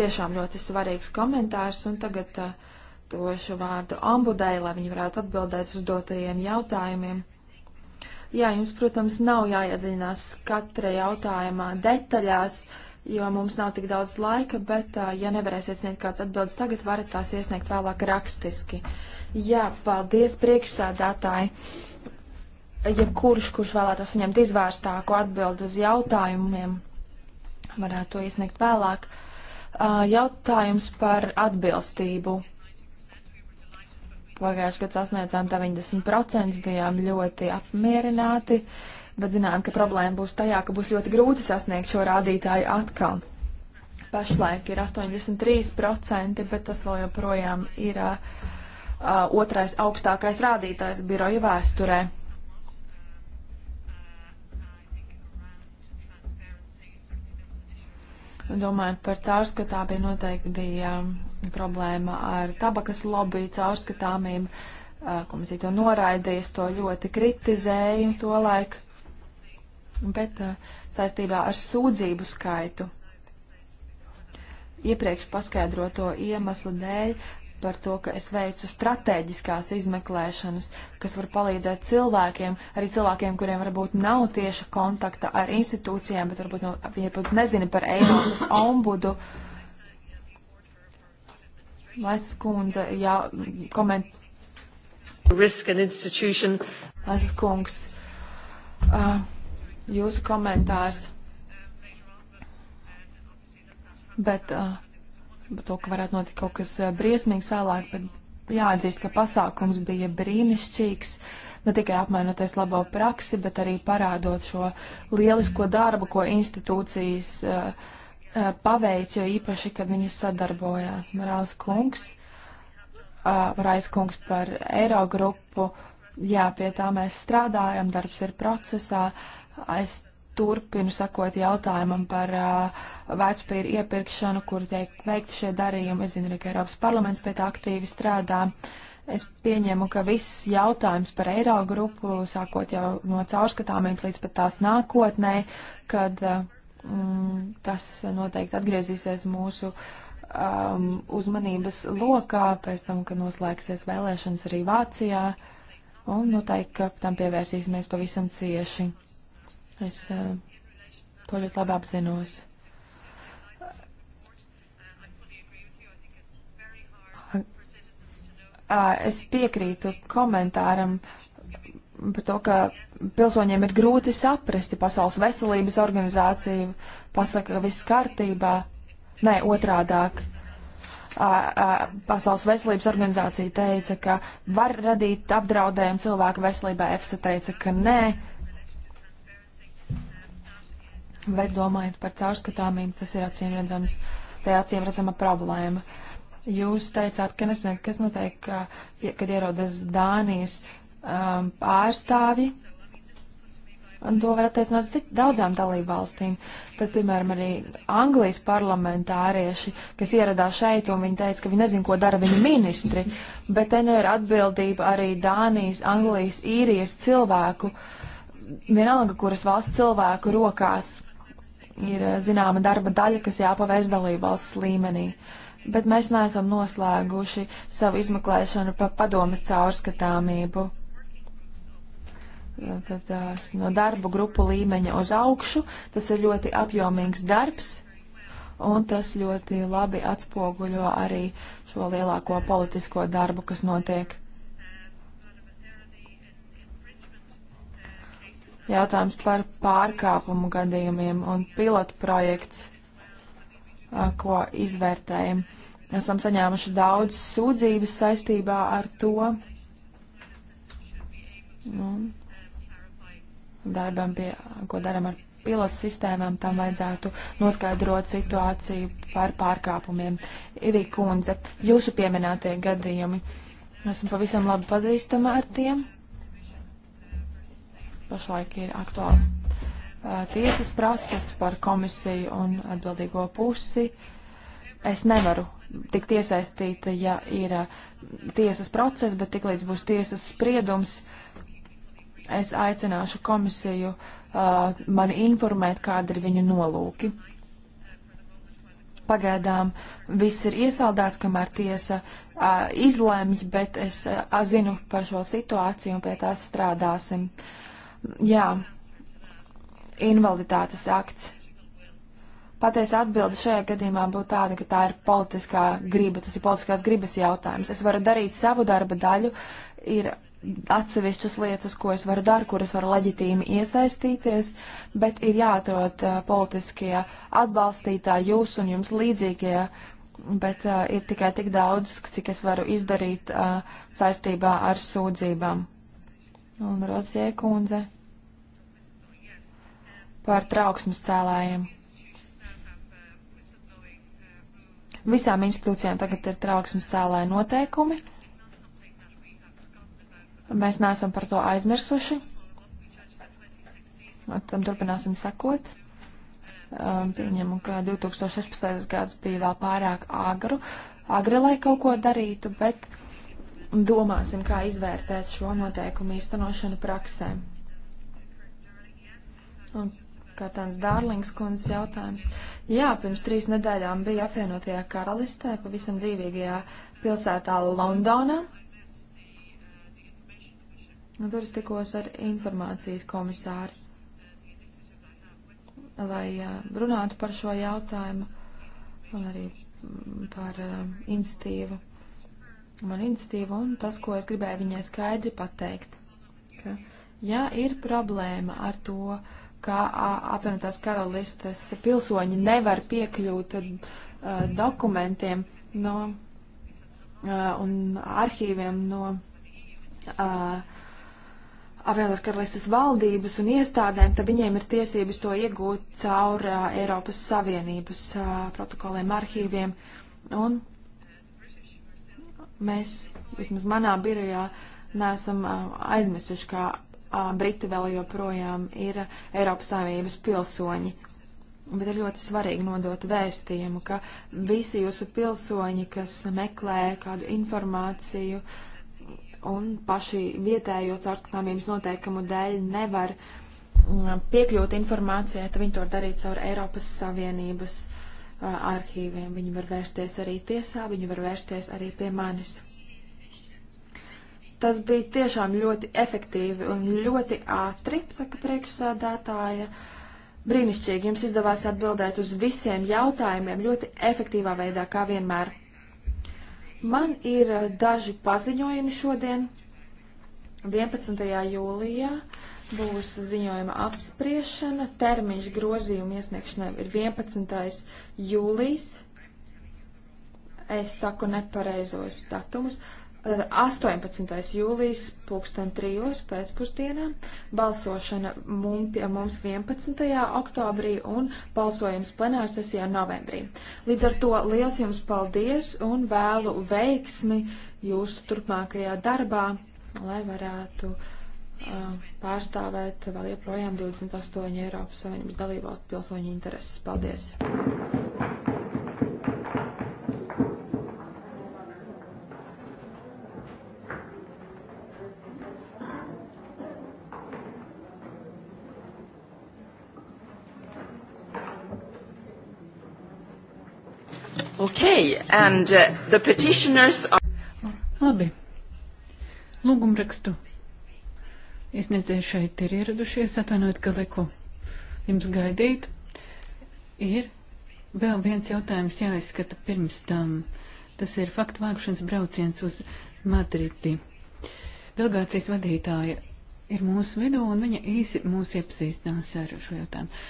Tiešām ļoti svarīgs komentārs, un tagad uh, došu vārdu ombudai, lai viņi varētu atbildēt uz dotajiem jautājumiem. Jā, jums, protams, nav jāiedziļinās katra jautājumā detaļās. Uh, jo mums nav tik daudz laika, bet, ja nevarēsiet sniegt kāds atbildes tagad, varat tās iesniegt vēlāk rakstiski. Jā, paldies priekšsādātāji. Ja kurš, kurš vēlētos saņemt izvērstāku atbildu uz jautājumiem, varētu to iesniegt vēlāk. Jautājums par atbilstību. Pagājušajā gadā sasniedzām 90%, bijām ļoti apmierināti. Uh, bet zinājām, ka problēma būs tajā, ka būs ļoti grūti sasniegt šo rādītāju atkal. Pašlaik ir 83%, bet tas vēl joprojām ir uh, uh, otrais augstākais rādītājs biroja vēsturē. Domājot par caurskatāmību, noteikti bija um, problēma ar tabakas lobby caurskatāmību. Uh, komisija to noraidīja, to ļoti kritizēja tolaik bet eh, saistībā ar sūdzību skaitu iepriekš paskaidroto iemeslu dēļ par to, ka es veicu strateģiskās izmeklēšanas, kas var palīdzēt cilvēkiem, arī cilvēkiem, kuriem varbūt nav tieša kontakta ar institūcijām, bet varbūt, no, viņi pat nezina par Eiropas ombudu. Laisas kundze, jā, koment. Risk and institution. Laisas kungs. Uh, jūsu komentārs. Bet uh, par to, ka varētu notikt kaut kas uh, briesmīgs vēlāk, bet jāatzīst, ka pasākums bija brīnišķīgs. Ne tikai apmainoties labo praksi, bet arī parādot šo lielisko darbu, ko institūcijas uh, uh, paveic, jo īpaši, kad viņas sadarbojās. Morāls kungs, uh, Rais kungs par Eirogrupu, jā, pie tā mēs strādājam, darbs ir procesā. Uh, Es turpinu sakot jautājumam par uh, vērtspapīru iepirkšanu, kur tiek veikti šie darījumi. Es zinu, ka Eiropas parlaments pie tā aktīvi strādā. Es pieņemu, ka viss jautājums par eiro grupu, sākot jau no caurskatāmības līdz pat tās nākotnē, kad mm, tas noteikti atgriezīsies mūsu um, uzmanības lokā pēc tam, ka noslēgsies vēlēšanas arī Vācijā, un noteikti, ka tam pievērsīsimies pavisam cieši. Es uh, to ļoti labi apzinos. Es piekrītu komentāram par to, ka pilsoņiem ir grūti saprasti Pasaules veselības organizāciju, pasaka, ka viss kārtībā. Nē, otrādāk. Pasaules veselības organizācija teica, ka var radīt apdraudējumu cilvēku veselībā. EFSA teica, ka nē, Bet domājot par caurskatāmību, tas ir acīm redzams, tā acīm redzama problēma. Jūs teicāt, ka nezināt, kas notiek, ka, kad ierodas Dānijas um, pārstāvji. Un to var attiecināt uz daudzām dalību valstīm, bet, piemēram, arī Anglijas parlamentārieši, kas ieradās šeit, un viņi teica, ka viņi nezin, ko dara viņa ministri, bet te nu ir atbildība arī Dānijas, Anglijas, īrijas cilvēku, vienalga, kuras valsts cilvēku rokās, ir eh, zināma darba daļa, kas jāpaveic dalībvalsts līmenī. Bet mēs neesam noslēguši savu izmeklēšanu par padomas caurskatāmību. Eh, tad, eh, no darba grupu līmeņa uz augšu tas ir ļoti apjomīgs darbs, un tas ļoti labi atspoguļo arī šo lielāko politisko darbu, kas notiek. jautājums par pārkāpumu gadījumiem un pilotu projekts, ko izvērtējam. Esam saņēmuši daudz sūdzības saistībā ar to. Nu, darbam, pie, ko daram ar pilotu sistēmām, tam vajadzētu noskaidrot situāciju par pārkāpumiem. Ivī Kundze, jūsu pieminētie gadījumi, esmu pavisam labi pazīstama ar tiem Pašlaik ir aktuāls tiesas process par komisiju un atbildīgo pusi. Es nevaru tikt iesaistīta, ja ir tiesas process, bet tiklīdz būs tiesas spriedums, es aicināšu komisiju uh, mani informēt, kāda ir viņu nolūki. Pagaidām viss ir iesaldēts, kamēr tiesa uh, izlemj, bet es uh, zinu par šo situāciju un pie tās strādāsim. Uh, Jā, invaliditātes akts. Patiesa atbilde šajā gadījumā būtu tāda, ka tā ir politiskā griba, tas ir politiskās gribas jautājums. Es varu darīt savu darba daļu, ir atsevišķas lietas, ko es varu darīt, kuras varu leģitīmi iesaistīties, bet ir jāatrod uh, politiskie atbalstītāji jūs un jums līdzīgie, bet uh, ir tikai tik daudz, cik es varu izdarīt uh, saistībā ar sūdzībām un Rozie kundze par trauksmes cēlājiem. Visām institūcijām tagad ir trauksmes cēlāja noteikumi. Mēs neesam par to aizmirsuši. Tam turpināsim sekot. Um, pieņemu, ka 2016. gads bija vēl pārāk agru, agri, lai kaut ko darītu, bet un domāsim, kā izvērtēt šo noteikumu īstenošanu praksē. Un kā tāds Dārlings kundzes jautājums. Jā, pirms trīs nedēļām bija apvienotajā karalistē, pavisam dzīvīgajā pilsētā Londonā. Un tur es tikos ar informācijas komisāru, lai runātu par šo jautājumu un arī par institīvu man iniciatīvu un tas, ko es gribēju viņai skaidri pateikt. Ka, ja ir problēma ar to, ka apvienotās karalistes pilsoņi nevar piekļūt a, dokumentiem no, a, un arhīviem no apvienotās karalistes valdības un iestādēm, tad viņiem ir tiesības to iegūt caur a, Eiropas Savienības protokoliem, arhīviem. Un Mēs, vismaz manā birojā, neesam aizmirsuši, kā Briti vēl joprojām ir Eiropas Savienības pilsoņi. Bet ir ļoti svarīgi nodot vēstījumu, ka visi jūsu pilsoņi, kas meklē kādu informāciju un paši vietējo caurskatāmības noteikumu dēļ nevar piekļūt informācijai, tad viņi to darīt caur Eiropas Savienības uh, arhīviem. Viņi var vērsties arī tiesā, viņi var vērsties arī pie manis. Tas bija tiešām ļoti efektīvi un ļoti ātri, saka priekšsādātāja. Brīnišķīgi jums izdevās atbildēt uz visiem jautājumiem ļoti efektīvā veidā, kā vienmēr. Man ir daži paziņojumi šodien, 11. jūlijā. Uh, būs ziņojuma apspriešana. Termiņš grozījuma iesniegšanai ir 11. jūlijas. Es saku nepareizos datumus. 18. Eh, jūlijas pulksten trijos pēcpusdienā, balsošana mums, pie mums 11. oktobrī un balsojums plenāra sesijā novembrī. Līdz ar to liels jums paldies un vēlu veiksmi jūsu turpmākajā darbā, lai varētu uh, Um, pārstāvēt vēl joprojām 28 Eiropas Savienības dalībvalstu pilsoņu intereses. Paldies! Okay, and uh, the petitioners are... Labi. Lūgumrakstu Izniedzēji šeit ir ieradušies, atvainojiet, ka liku jums gaidīt. Ir vēl viens jautājums jāizskata pirms tam. Tas ir faktu vākšanas brauciens uz Madridi. Delegācijas vadītāja ir mūsu vidū, un viņa īsi mūs iepazīstinās ar šo jautājumu.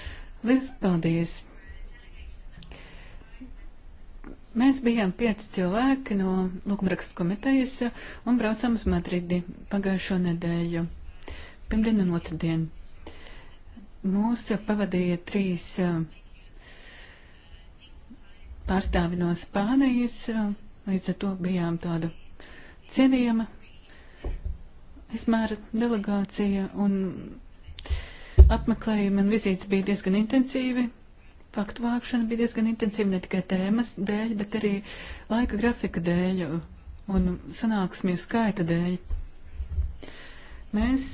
Liels paldies! Mēs bijām pieci cilvēki no Lūkumrakstu komitejas un braucām uz Madridi pagājušo nedēļu pirmdien un otrdien. Mūs pavadīja trīs pārstāvi no Spānijas, līdz ar to bijām tāda cienījama Esmēra delegācija un apmeklējumi un vizītes bija diezgan intensīvi. Faktu vākšana bija diezgan intensīva ne tikai tēmas dēļ, bet arī laika grafika dēļ un sanāksmju skaita dēļ. Mēs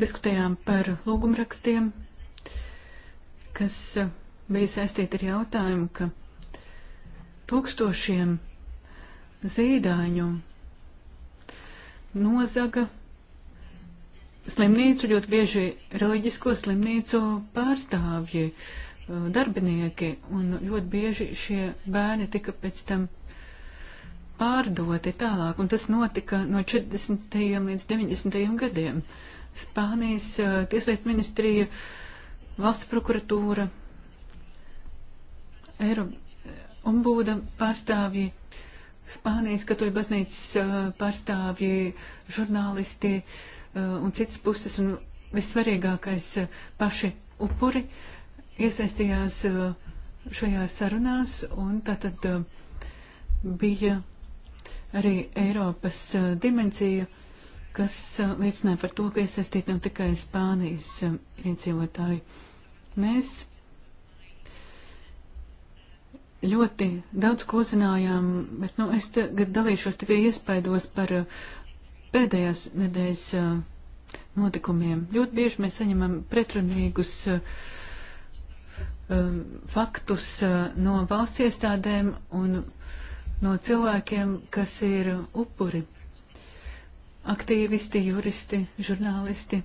Diskutējām par lūgumrakstiem, kas eh, bija saistīti ar jautājumu, ka tūkstošiem zīdāņu nozaga slimnīcu, ļoti bieži reliģisko slimnīcu pārstāvji, eh, darbinieki, un ļoti bieži šie bērni tika pēc tam pārdoti tālāk, un tas notika no 40. līdz 90. gadiem. Uh, Spānijas tieslietu ministrija, valsts prokuratūra, Eiro ombūda pārstāvji, Spānijas katoļu baznīcas pārstāvji, žurnālisti un citas puses, un vissvarīgākais paši upuri iesaistījās šajās sarunās, un tātad bija arī Eiropas dimensija kas eh, liecināja par to, ka iesaistīti nav tikai Spānijas eh, iedzīvotāji. Mēs ļoti daudz ko uzzinājām, bet nu, es tagad dalīšos tikai iespaidos par eh, pēdējās nedēļas notikumiem. Ļoti bieži mēs saņemam pretrunīgus faktus no valsts iestādēm un no cilvēkiem, kas ir upuri aktīvisti, juristi, žurnālisti.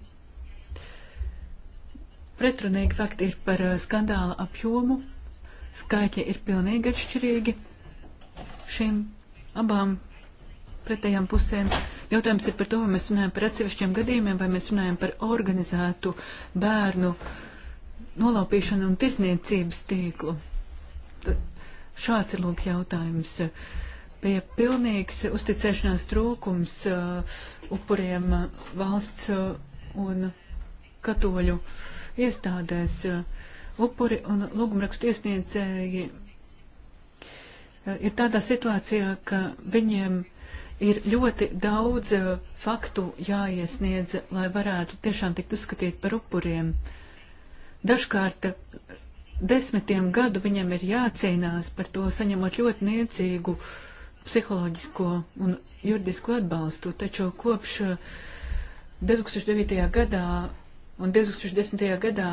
Pretrunīgi fakti ir par eh, skandāla apjomu, skaitļi ir pilnīgi atšķirīgi šīm abām pretējām pusēm. Jautājums ir par to, vai mēs runājam par atsevišķiem gadījumiem, vai mēs runājam par organizētu bērnu nolaupīšanu un tirzniecības tīklu. Tad šāds ir lūk jautājums. Uh, bija pilnīgs uzticēšanās trūkums uh, upuriem uh, valsts uh, un katoļu iestādēs. Uh, upuri un lūgumrakstu iesniedzēji uh, ir tādā situācijā, ka viņiem ir ļoti daudz uh, faktu jāiesniedz, lai varētu tiešām tikt uzskatīt par upuriem. Dažkārt uh, desmitiem gadu viņam ir jācīnās par to, saņemot ļoti niecīgu uh, psiholoģisko un juridisko atbalstu, taču kopš 2009. Eh, gadā un 2010. gadā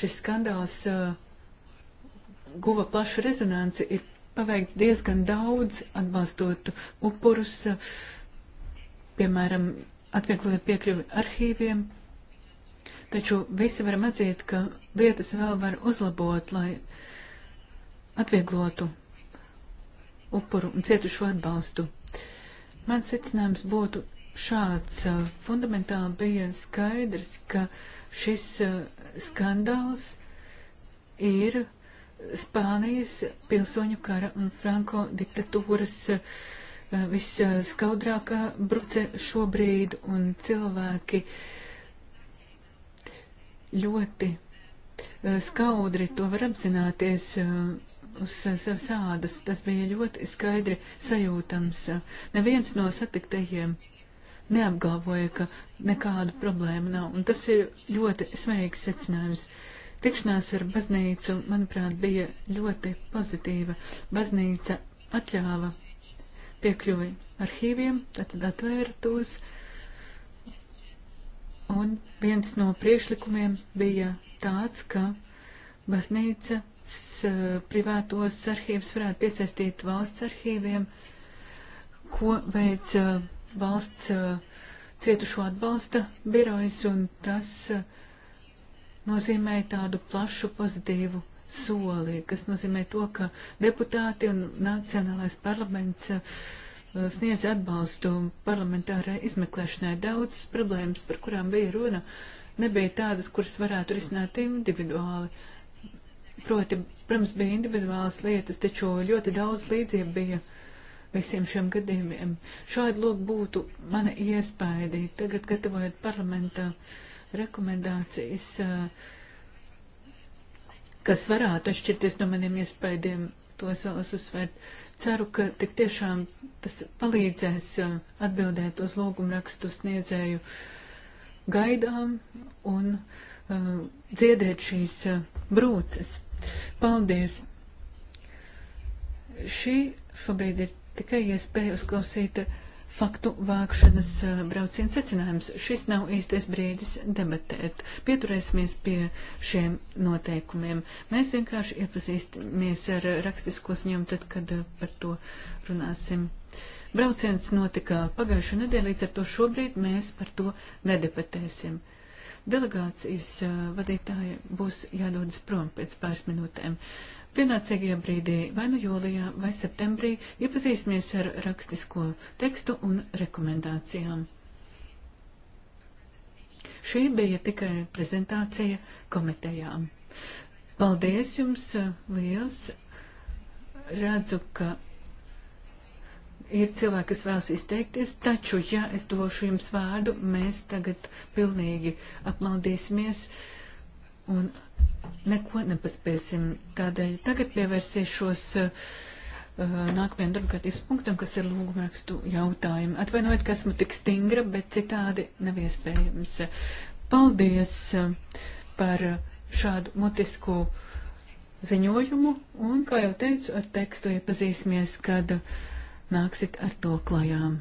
šis skandāls uh, guva plašu rezonanci, ir paveikts diezgan daudz, atbalstot upurus, uh, piemēram, atvieglojot piekļuvi arhīviem. Taču visi varam atzīt, ka lietas vēl var uzlabot, lai atvieglotu upuru un cietušu atbalstu. Mans secinājums būtu šāds. Uh, fundamentāli bija skaidrs, ka šis uh, skandāls ir Spānijas pilsoņu kara un Franko diktatūras uh, viskaudrākā bruce šobrīd, un cilvēki ļoti skaudri to var apzināties uz savas ādas. Tas bija ļoti skaidri sajūtams. Neviens no satiktajiem neapgalvoja, ka nekādu problēmu nav, un tas ir ļoti sveiks secinājums. Tikšanās ar baznīcu, manuprāt, bija ļoti pozitīva. Baznīca atļāva piekļuvi arhīviem, tad atvēra tos. Un viens no priešlikumiem bija tāds, ka baznīca Eh, privātos arhīvus varētu piesaistīt valsts arhīviem, ko veic eh, valsts eh, cietušo atbalsta birojas, un tas nozīmē tādu plašu pozitīvu soli, kas nozīmē to, ka deputāti un nacionālais parlaments sniedz atbalstu parlamentārai izmeklēšanai. Daudz problēmas, par kurām bija runa, nebija tādas, kuras varētu risināt individuāli. Uh, Proti, protams, bija individuālas lietas, taču ļoti daudz līdzību bija visiem šiem gadījumiem. Šādi lūk būtu mana iespēja. Tagad, gatavojot parlamentā rekomendācijas, eh, kas varētu atšķirties no maniem iespējiem, to es vēlos uzsvērt. Ceru, ka tik tiešām tas palīdzēs eh, atbildēt uz lūgumrakstu sniedzēju gaidām un eh, dziedēt šīs brūces. Paldies! Šī šobrīd ir tikai iespēja uzklausīt faktu vākšanas eh, brauciena secinājums. Šis nav īstais brīdis debatēt. Pieturēsimies pie šiem noteikumiem. Mēs vienkārši iepazīstamies ar rakstisko ziņojumu tad, kad eh, par to runāsim. Brauciens notika pagājušajā nedēļā, līdz ar to šobrīd mēs par to nedebatēsim. Delegācijas vadītāji būs jādodas prom pēc pāris minūtēm. Pienācīgajā brīdī, vai nu jūlijā, vai septembrī, iepazīsimies ar rakstisko tekstu un rekomendācijām. Šī bija tikai prezentācija komitejām. Paldies jums liels! Redzu, ka ir cilvēki, kas vēlas izteikties, taču, ja es došu jums vārdu, mēs tagad pilnīgi aplaudīsimies un neko nepaspēsim. Tādēļ tagad pievērsīšos uh, nākamajam darbkārtības punktam, kas ir lūgumrakstu jautājumi. Atvainojiet, ka esmu tik stingra, bet citādi nav iespējams. Paldies eh, par eh, šādu mutisku ziņojumu, un, kā jau teicu, ar tekstu iepazīsimies, kad uh, nāksit ar to klajām.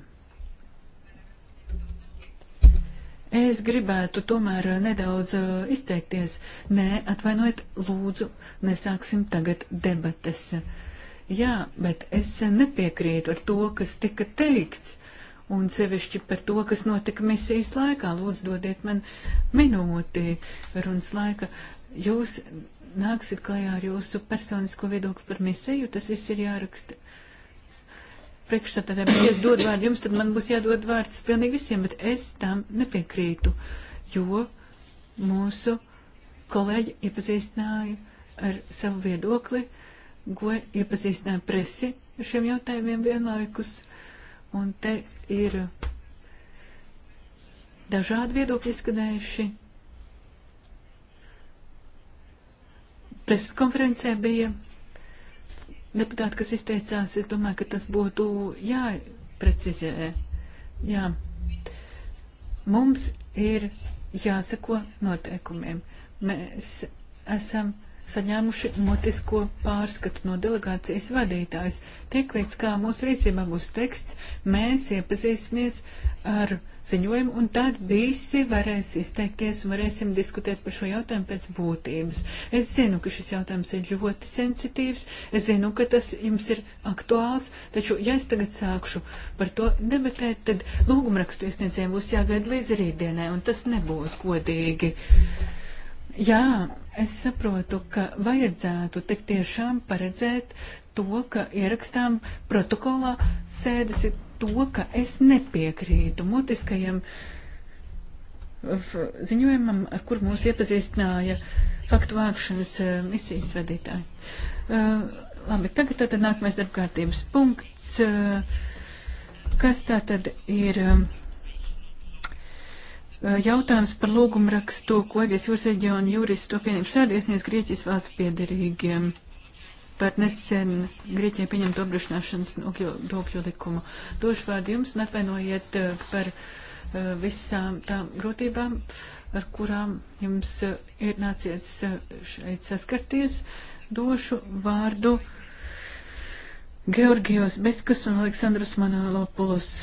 Es gribētu tomēr nedaudz eh, izteikties. Nē, atvainojiet, lūdzu, nesāksim tagad debates. Jā, bet es nepiekrītu ar to, kas tika teikts, un sevišķi par to, kas notika misijas laikā. Lūdzu, dodiet man minūti runas laika. Jūs nāksiet klajā ar jūsu personisko viedokli par misiju, tas viss ir jāraksta priekšsatādēm, ja es dodu vārdu jums, tad man būs jādod vārds pilnīgi visiem, bet es tam nepiekrītu, jo mūsu kolēģi iepazīstināja ar savu viedokli, go iepazīstināja presi ar šiem jautājumiem vienlaikus, un te ir dažādi viedokļi izskanējuši. Preses konferencē bija deputāti, kas izteicās, es domāju, ka tas būtu jāprecizē. Jā. Mums ir jāsako noteikumiem. Mēs esam saņēmuši motisko pārskatu no delegācijas vadītājas. Tik līdz kā mūsu rīcībā būs teksts, mēs iepazīsimies ar ziņojumu, un tad visi varēs izteikties un varēsim diskutēt par šo jautājumu pēc būtības. Es zinu, ka šis jautājums ir ļoti sensitīvs, es zinu, ka tas jums ir aktuāls, taču, ja es tagad sākšu par to debatēt, tad lūgumrakstu iesniedzējiem būs jāgaida līdz rītdienai, un tas nebūs godīgi. Mm. Jā, es saprotu, ka vajadzētu tik tiešām paredzēt to, ka ierakstām protokolā sēdes ir to, ka es nepiekrītu mutiskajam ziņojumam, ar kur mūs iepazīstināja faktu vākšanas eh, misijas vadītāji. Eh, labi, tagad tātad nākamais darbkārtības punkts. Eh, kas tātad ir Jautājums par lūgumrakstu, ko Egejas jūras reģiona jurists to pieņem šādi iesniedz Grieķijas valsts piederīgiem par nesen Grieķijai pieņemtu apdrošināšanas dokļu likumu. Došu vārdu jums un atvainojiet par visām tām grūtībām, ar kurām jums ir nācies šeit saskarties. Došu vārdu Georgijos Beskas un Aleksandrus Manolopulus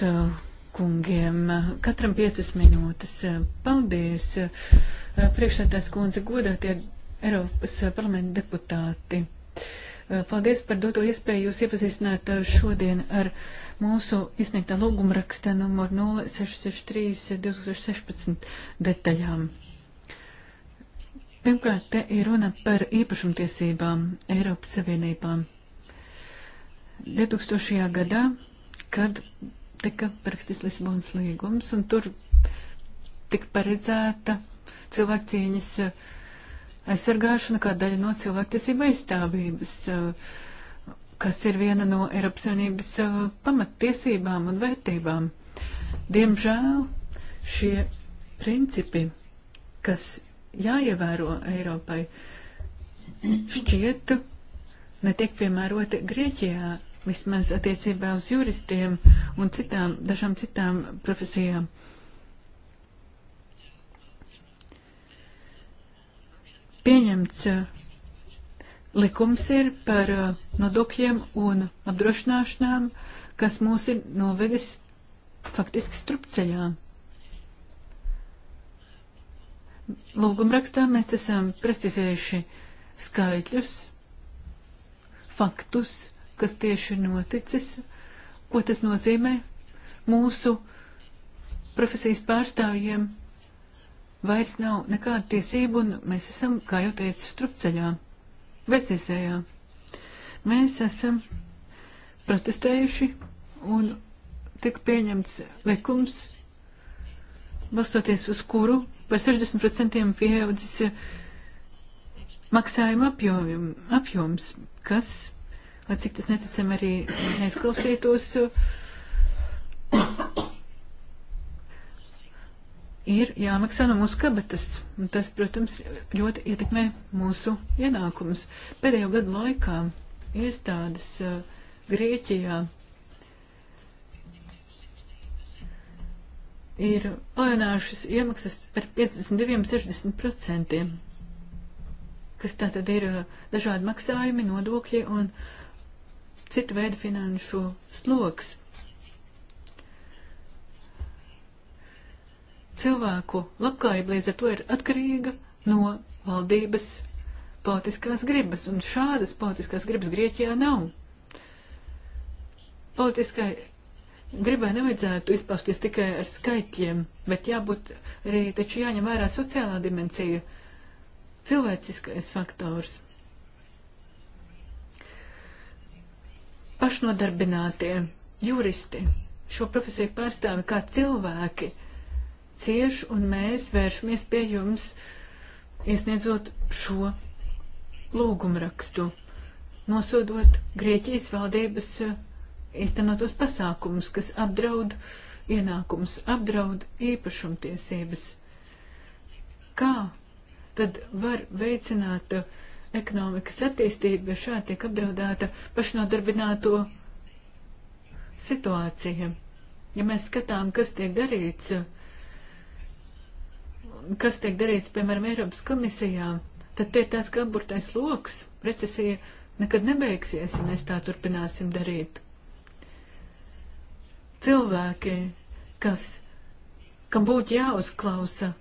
kungiem. Katram piecas minūtes. Paldies, priekšētās kundze, godātie Eiropas parlamenta deputāti. Paldies par doto iespēju jūs iepazīstināt šodien ar mūsu izsniegtā lūguma rakstā numur 0663 2016 detaļām. Pirmkārt, te ir runa par īpašumtiesībām Eiropas Savienībām. 2000. gadā, kad tika rakstīts Lisabonas līgums, un tur tika paredzēta cilvēku cieņas eh, aizsargāšana kā daļa no cilvēktiesība aizstāvības, eh, kas ir viena no Eiropas Savienības eh, pamattiesībām un vērtībām. Diemžēl šie principi, kas jāievēro Eiropai, šķiet netiek piemēroti Grieķijā, vismaz attiecībā uz juristiem un citām, dažām citām profesijām. Pieņemts eh, likums ir par eh, nodokļiem un apdrošināšanām, kas mūs ir novedis faktiski strupceļā. Lūgumrakstā mēs esam precizējuši skaitļus, faktus, kas tieši ir noticis, ko tas nozīmē mūsu profesijas pārstāvjiem. Vairs nav nekāda tiesība, un mēs esam, kā jau teicu, strupceļā, bezizējā. Mēs esam protestējuši, un tika pieņemts likums, balstoties uz kuru par 60% pieaudzis maksājuma apjom, apjoms, kas lai cik tas neticam arī neizklausītos, ir jāmaksā no mūsu kabatas. Un tas, protams, ļoti ietekmē mūsu ienākumus. Pēdējo gadu laikā iestādes uh, Grieķijā ir palielinājušas iemaksas par 52-60%, kas tātad ir eh, dažādi maksājumi, nodokļi un uh, citu veidu finanšu sloks. Cilvēku labklājība līdz ar to ir atkarīga no valdības politiskās gribas, un šādas politiskās gribas Grieķijā nav. Politiskai gribai nevajadzētu izpausties tikai ar skaitļiem, bet jābūt arī taču jāņem vērā sociālā dimensija, cilvēciskais faktors. pašnodarbinātie juristi šo profesiju pārstāvi kā cilvēki cieš, un mēs vēršamies pie jums, iesniedzot šo lūgumrakstu, nosodot Grieķijas valdības eh, īstenotos pasākumus, kas apdraud ienākums, apdraud īpašumtiesības. Kā tad var veicināt uh, ekonomikas attīstība šādi tiek apdraudēta pašnodarbināto situācija. Ja mēs skatām, kas tiek darīts, kas tiek darīts, piemēram, Eiropas komisijā, tad tie ir tāds kā burtais loks. Recesija nekad nebeigsies, ja mēs tā turpināsim darīt. Cilvēki, kas, kam būtu jāuzklausa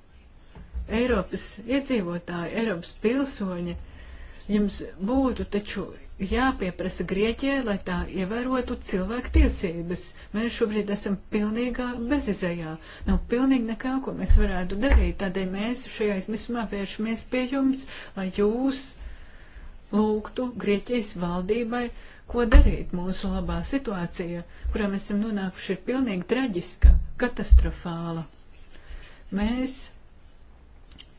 Eiropas iedzīvotāji, Eiropas pilsoņi, Jums būtu taču jāpieprasa Grieķijai, lai tā ievērotu cilvēku tiesības. Mēs šobrīd esam pilnīgā bezizējā. Nav pilnīgi nekā, ko mēs varētu darīt. Tādēļ mēs šajā izmisumā vēršamies pie jums, lai jūs lūgtu Grieķijas valdībai, ko darīt mūsu labā situācija, kurā mēs esam nonākuši, ir pilnīgi traģiska, katastrofāla. Mēs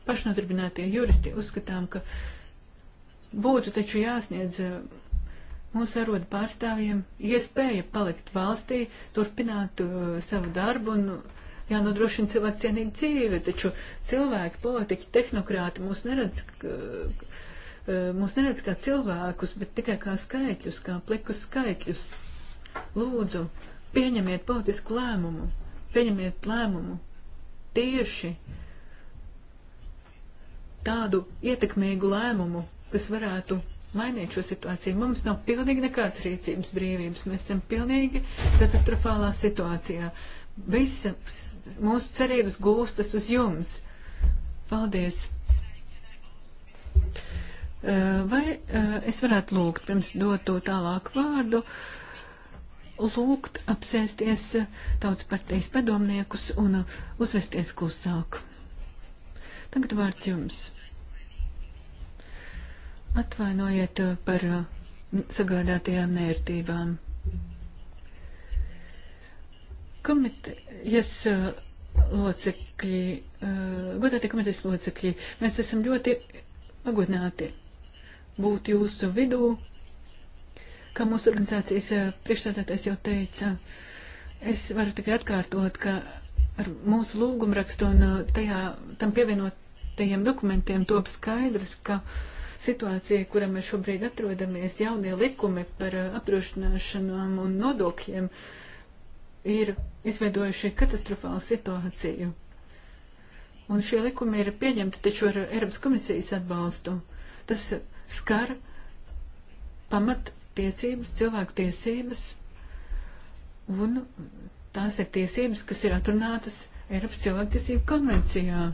pašnodarbinātie juristi uzskatām, ka būtu taču jāsniedz eh, mūsu arodu pārstāvjiem iespēja palikt valstī, turpināt uh, savu darbu un eh, jānodrošina cilvēku cienīga dzīve, taču cilvēki, politiķi, tehnokrāti mūs neredz, uh, mūs neredz kā cilvēkus, bet tikai kā skaitļus, kā plikus skaitļus. Lūdzu, pieņemiet politisku lēmumu, pieņemiet lēmumu tieši tādu ietekmīgu lēmumu, kas varētu mainīt šo situāciju. Mums nav pilnīgi nekādas rīcības brīvības. Mēs esam pilnīgi katastrofālā situācijā. Visas mūsu cerības gūstas uz jums. Paldies! Eh, vai eh, es varētu lūgt, pirms dotu tālāk vārdu, lūgt apsēsties tautas partijas padomniekus un uzvesties klusāk? Tagad vārds jums. Atvainojiet uh, par uh, sagādātajām nērtībām. Komitejas uh, locekļi, godātie komitejas locekļi, mēs esam ļoti pagodināti būt jūsu vidū. Kā mūsu organizācijas priekšstādātais jau teica, es varu tikai atkārtot, ka ar mūsu lūgumrakstu un tajā, tam pievienotajiem dokumentiem top skaidrs, ka uh, situācija, kurā mēs šobrīd atrodamies, jaunie likumi par uh, apdrošināšanām un nodokļiem ir izveidojuši katastrofālu situāciju. Un šie likumi ir pieņemti taču ar Eiropas komisijas atbalstu. Tas skar pamattiesības, cilvēku tiesības, un tās ir tiesības, kas ir atrunātas Eiropas cilvēktiesību konvencijā.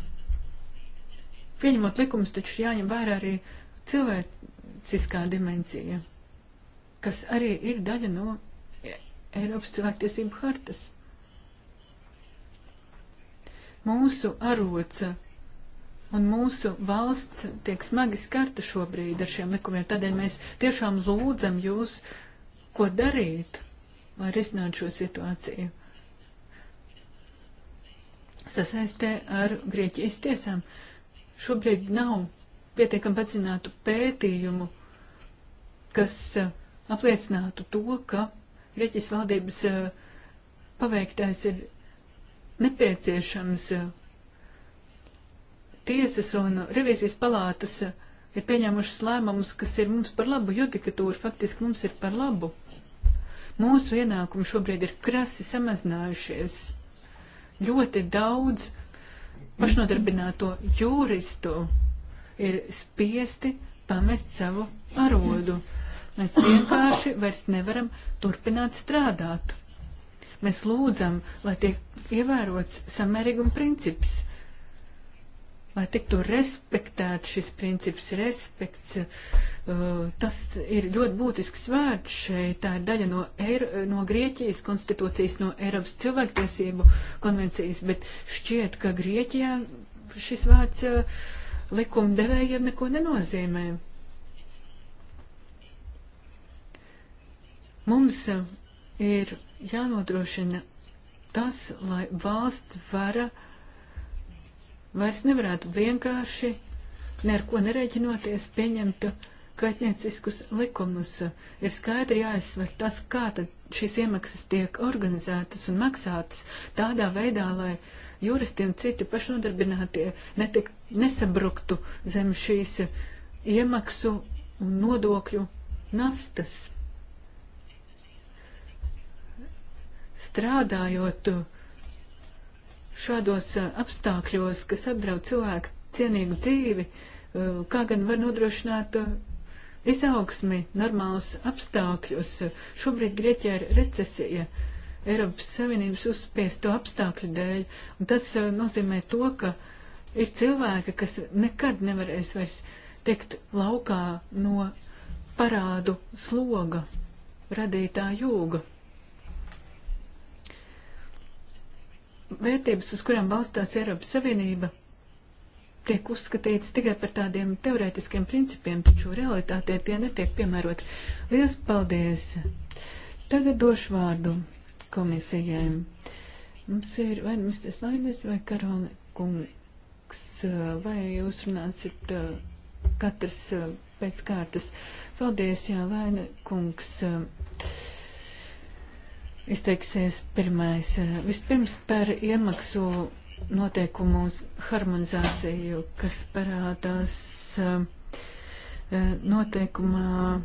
Pieņemot likumus, taču jāņem vērā arī cilvēciskā dimensija, kas arī ir daļa no Eiropas cilvēktiesību hartas. Mūsu aroca un mūsu valsts tiek smagi skarta šobrīd ar šiem likumiem. Tādēļ mēs tiešām lūdzam jūs, ko darīt, lai risinātu šo situāciju. Sasaistē ar Grieķijas tiesām. Šobrīd nav pietiekami padziļinātu pētījumu, kas eh, apliecinātu to, ka Grieķijas valdības eh, paveiktais ir nepieciešams. Eh, tiesas un revīzijas palātas ir pieņēmušas lēmumus, kas ir mums par labu judikatūru, faktiski mums ir par labu. Mūsu ienākumi šobrīd ir krasi samazinājušies. Ļoti daudz pašnodarbināto juristu ir spiesti pamest savu arodu. Mēs vienkārši vairs nevaram turpināt strādāt. Mēs lūdzam, lai tiek ievērots samērīguma princips, lai tiktu respektēts šis princips, respekts. Uh, tas ir ļoti būtisks vārds šeit. Tā ir daļa no, Eiro, no Grieķijas konstitūcijas, no Eiropas cilvēktiesību konvencijas, bet šķiet, ka Grieķijā šis vārds. Uh, likumdevējiem neko nenozīmē. Mums uh, ir jānodrošina tas, lai valsts vara vairs nevarētu vienkārši, ne ar ko nereģinoties, pieņemt kaitnieciskus likumus. Ir skaidri jāizsver tas, kā tad šīs iemaksas tiek organizētas un maksātas tādā veidā, lai juristi un citi pašnodarbinātie netik, nesabruktu zem šīs iemaksu un nodokļu nastas. Strādājot šādos apstākļos, kas apdraud cilvēku cienīgu dzīvi, kā gan var nodrošināt izaugsmi normālus apstākļus. Šobrīd Grieķijā ir recesija. Eiropas Savienības uzspiesto apstākļu dēļ. Un tas eh, nozīmē to, ka ir cilvēki, kas nekad nevarēs vairs tikt laukā no parādu sloga, radītā jūga. Vērtības, uz kurām balstās Eiropas Savienība, tiek uzskatīts tikai par tādiem teorētiskiem principiem, taču realitātē tie netiek piemērot. Lielas paldies! Tagad došu vārdu komisijai. Mums ir vai nu Mr. Slainis vai Karona kungs, vai jūs runāsit katrs pēc kārtas. Paldies, jā, Laina kungs. Izteiksies pirmais. Vispirms par iemaksu noteikumu harmonizāciju, kas parādās noteikumā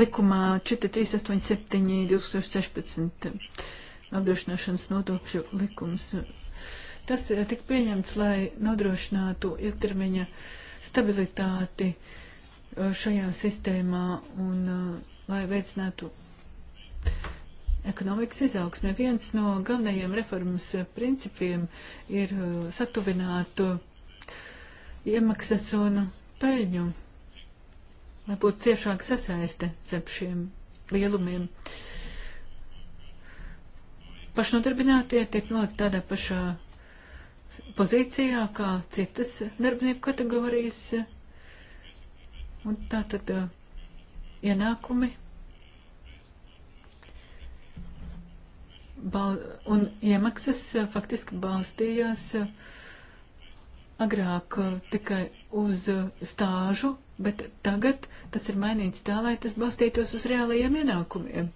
likumā 4387 2016 apdrošināšanas nodokļu likums. Tas eh, tika pieņemts, lai nodrošinātu ilgtermiņa stabilitāti eh, šajā sistēmā un eh, lai veicinātu ekonomikas izaugsmi. Viens no galvenajiem reformas principiem ir satuvināt iemaksas un peļņu lai būtu ciešāka sasaiste starp šiem lielumiem. Pašnodarbinātie tiek nolikt tādā pašā pozīcijā kā citas darbinieku kategorijas, un tā tad uh, ienākumi bal, un iemaksas uh, faktiski balstījās uh, agrāk uh, tikai uz stāžu, bet tagad tas ir mainīts tā, lai tas balstītos uz reālajiem ienākumiem.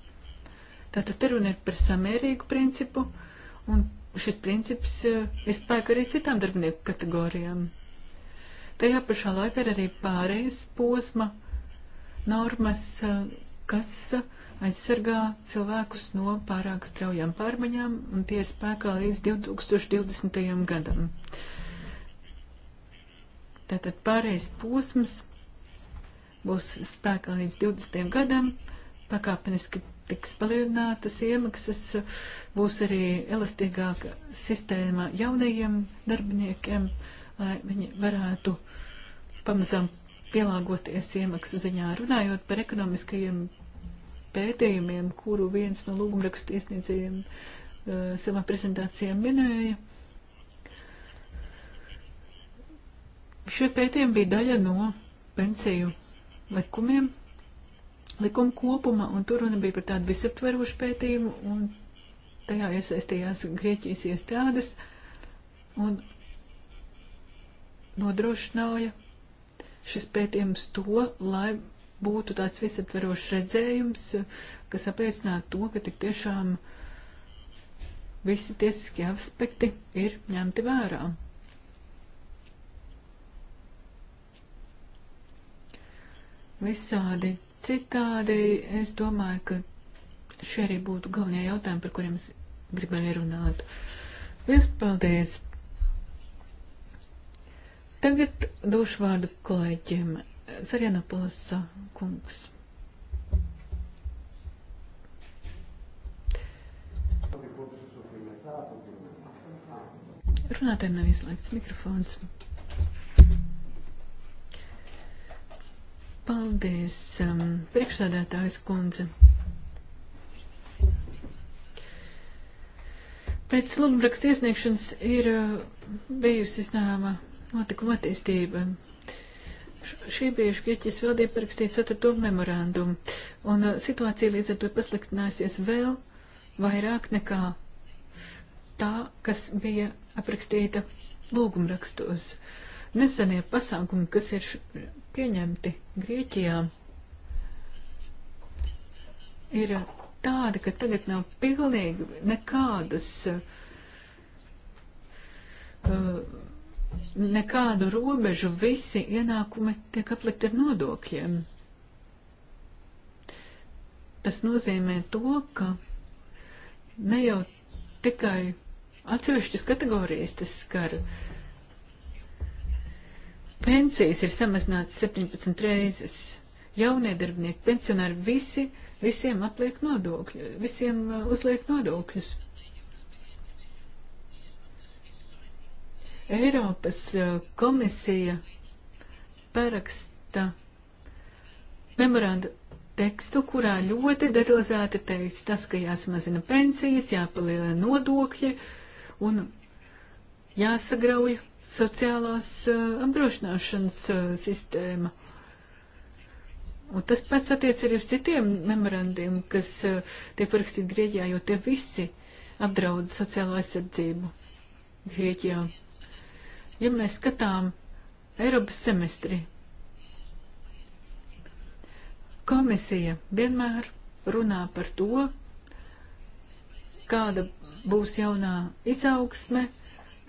Tātad te runa ir par samērīgu principu, un šis princips uh, ir spēka arī citām darbinieku kategorijām. Tajā pašā laikā ir arī pārējais posma normas, uh, kas aizsargā cilvēkus no pārāk straujām pārmaiņām, un tie ir spēkā līdz 2020. gadam. Uh, Tātad pārējais posms būs spēkā līdz 20. gadam, pakāpeniski tiks palielinātas iemaksas, būs arī elastīgāka sistēma jaunajiem darbiniekiem, lai viņi varētu pamazām pielāgoties iemaksu ziņā. Runājot par ekonomiskajiem pētījumiem, kuru viens no lūgumrakstu iesniedzējiem uh, savā prezentācijā minēja, uh, Šie pētījumi bija daļa no pensiju likumiem, likuma kopuma, un tur runa bija par tādu visaptverošu pētījumu, un tajā iesaistījās Grieķijas iestādes un nodrošināja šis pētījums to, lai būtu tāds visaptverošs redzējums, kas apliecinātu to, ka tik tiešām visi tiesiskie aspekti ir ņemti vērā. visādi citādi. Es domāju, ka šie arī būtu galvenie jautājumi, par kuriem es gribēju runāt. Liels paldies! Tagad došu vārdu kolēģiem. Sarjana Plasa kungs. Runātājiem nav ieslēgts mikrofons. Paldies, um, priekšsādātājs kundze. Pēc lūgumraksta iesniegšanas ir uh, bijusi zināma notikuma attīstība. Šī brīža Grieķijas valdība parakstīja 4. memorandumu, un uh, situācija līdz ar to pasliktinājusies vēl vairāk nekā tā, kas bija aprakstīta lūgumrakstos. Nesenie pasākumi, kas ir pieņemti Grieķijā, ir tāda, ka tagad nav pilnīgi nekādas, uh, nekādu robežu, visi ienākumi tiek aplikti ar nodokļiem. Tas nozīmē to, ka ne jau tikai atsevišķas kategorijas tas skar. Uh, Pensijas ir samazināts 17 reizes. Jaunie darbinieki, pensionāri, visi, visiem apliek nodokļi, visiem uh, uzliek nodokļus. Eiropas uh, komisija paraksta memorandu tekstu, kurā ļoti detalizēti teica tas, ka jāsamazina pensijas, jāpalielina nodokļi un jāsagrauj sociālās eh, apdrošināšanas eh, sistēma. Un tas pats attiec arī uz citiem memorandiem, kas eh, tiek parakstīti Grieķijā, jo tie visi apdraud sociālo aizsardzību Grieķijā. Ja mēs skatām Eiropas semestri, komisija vienmēr runā par to, kāda būs jaunā izaugsme,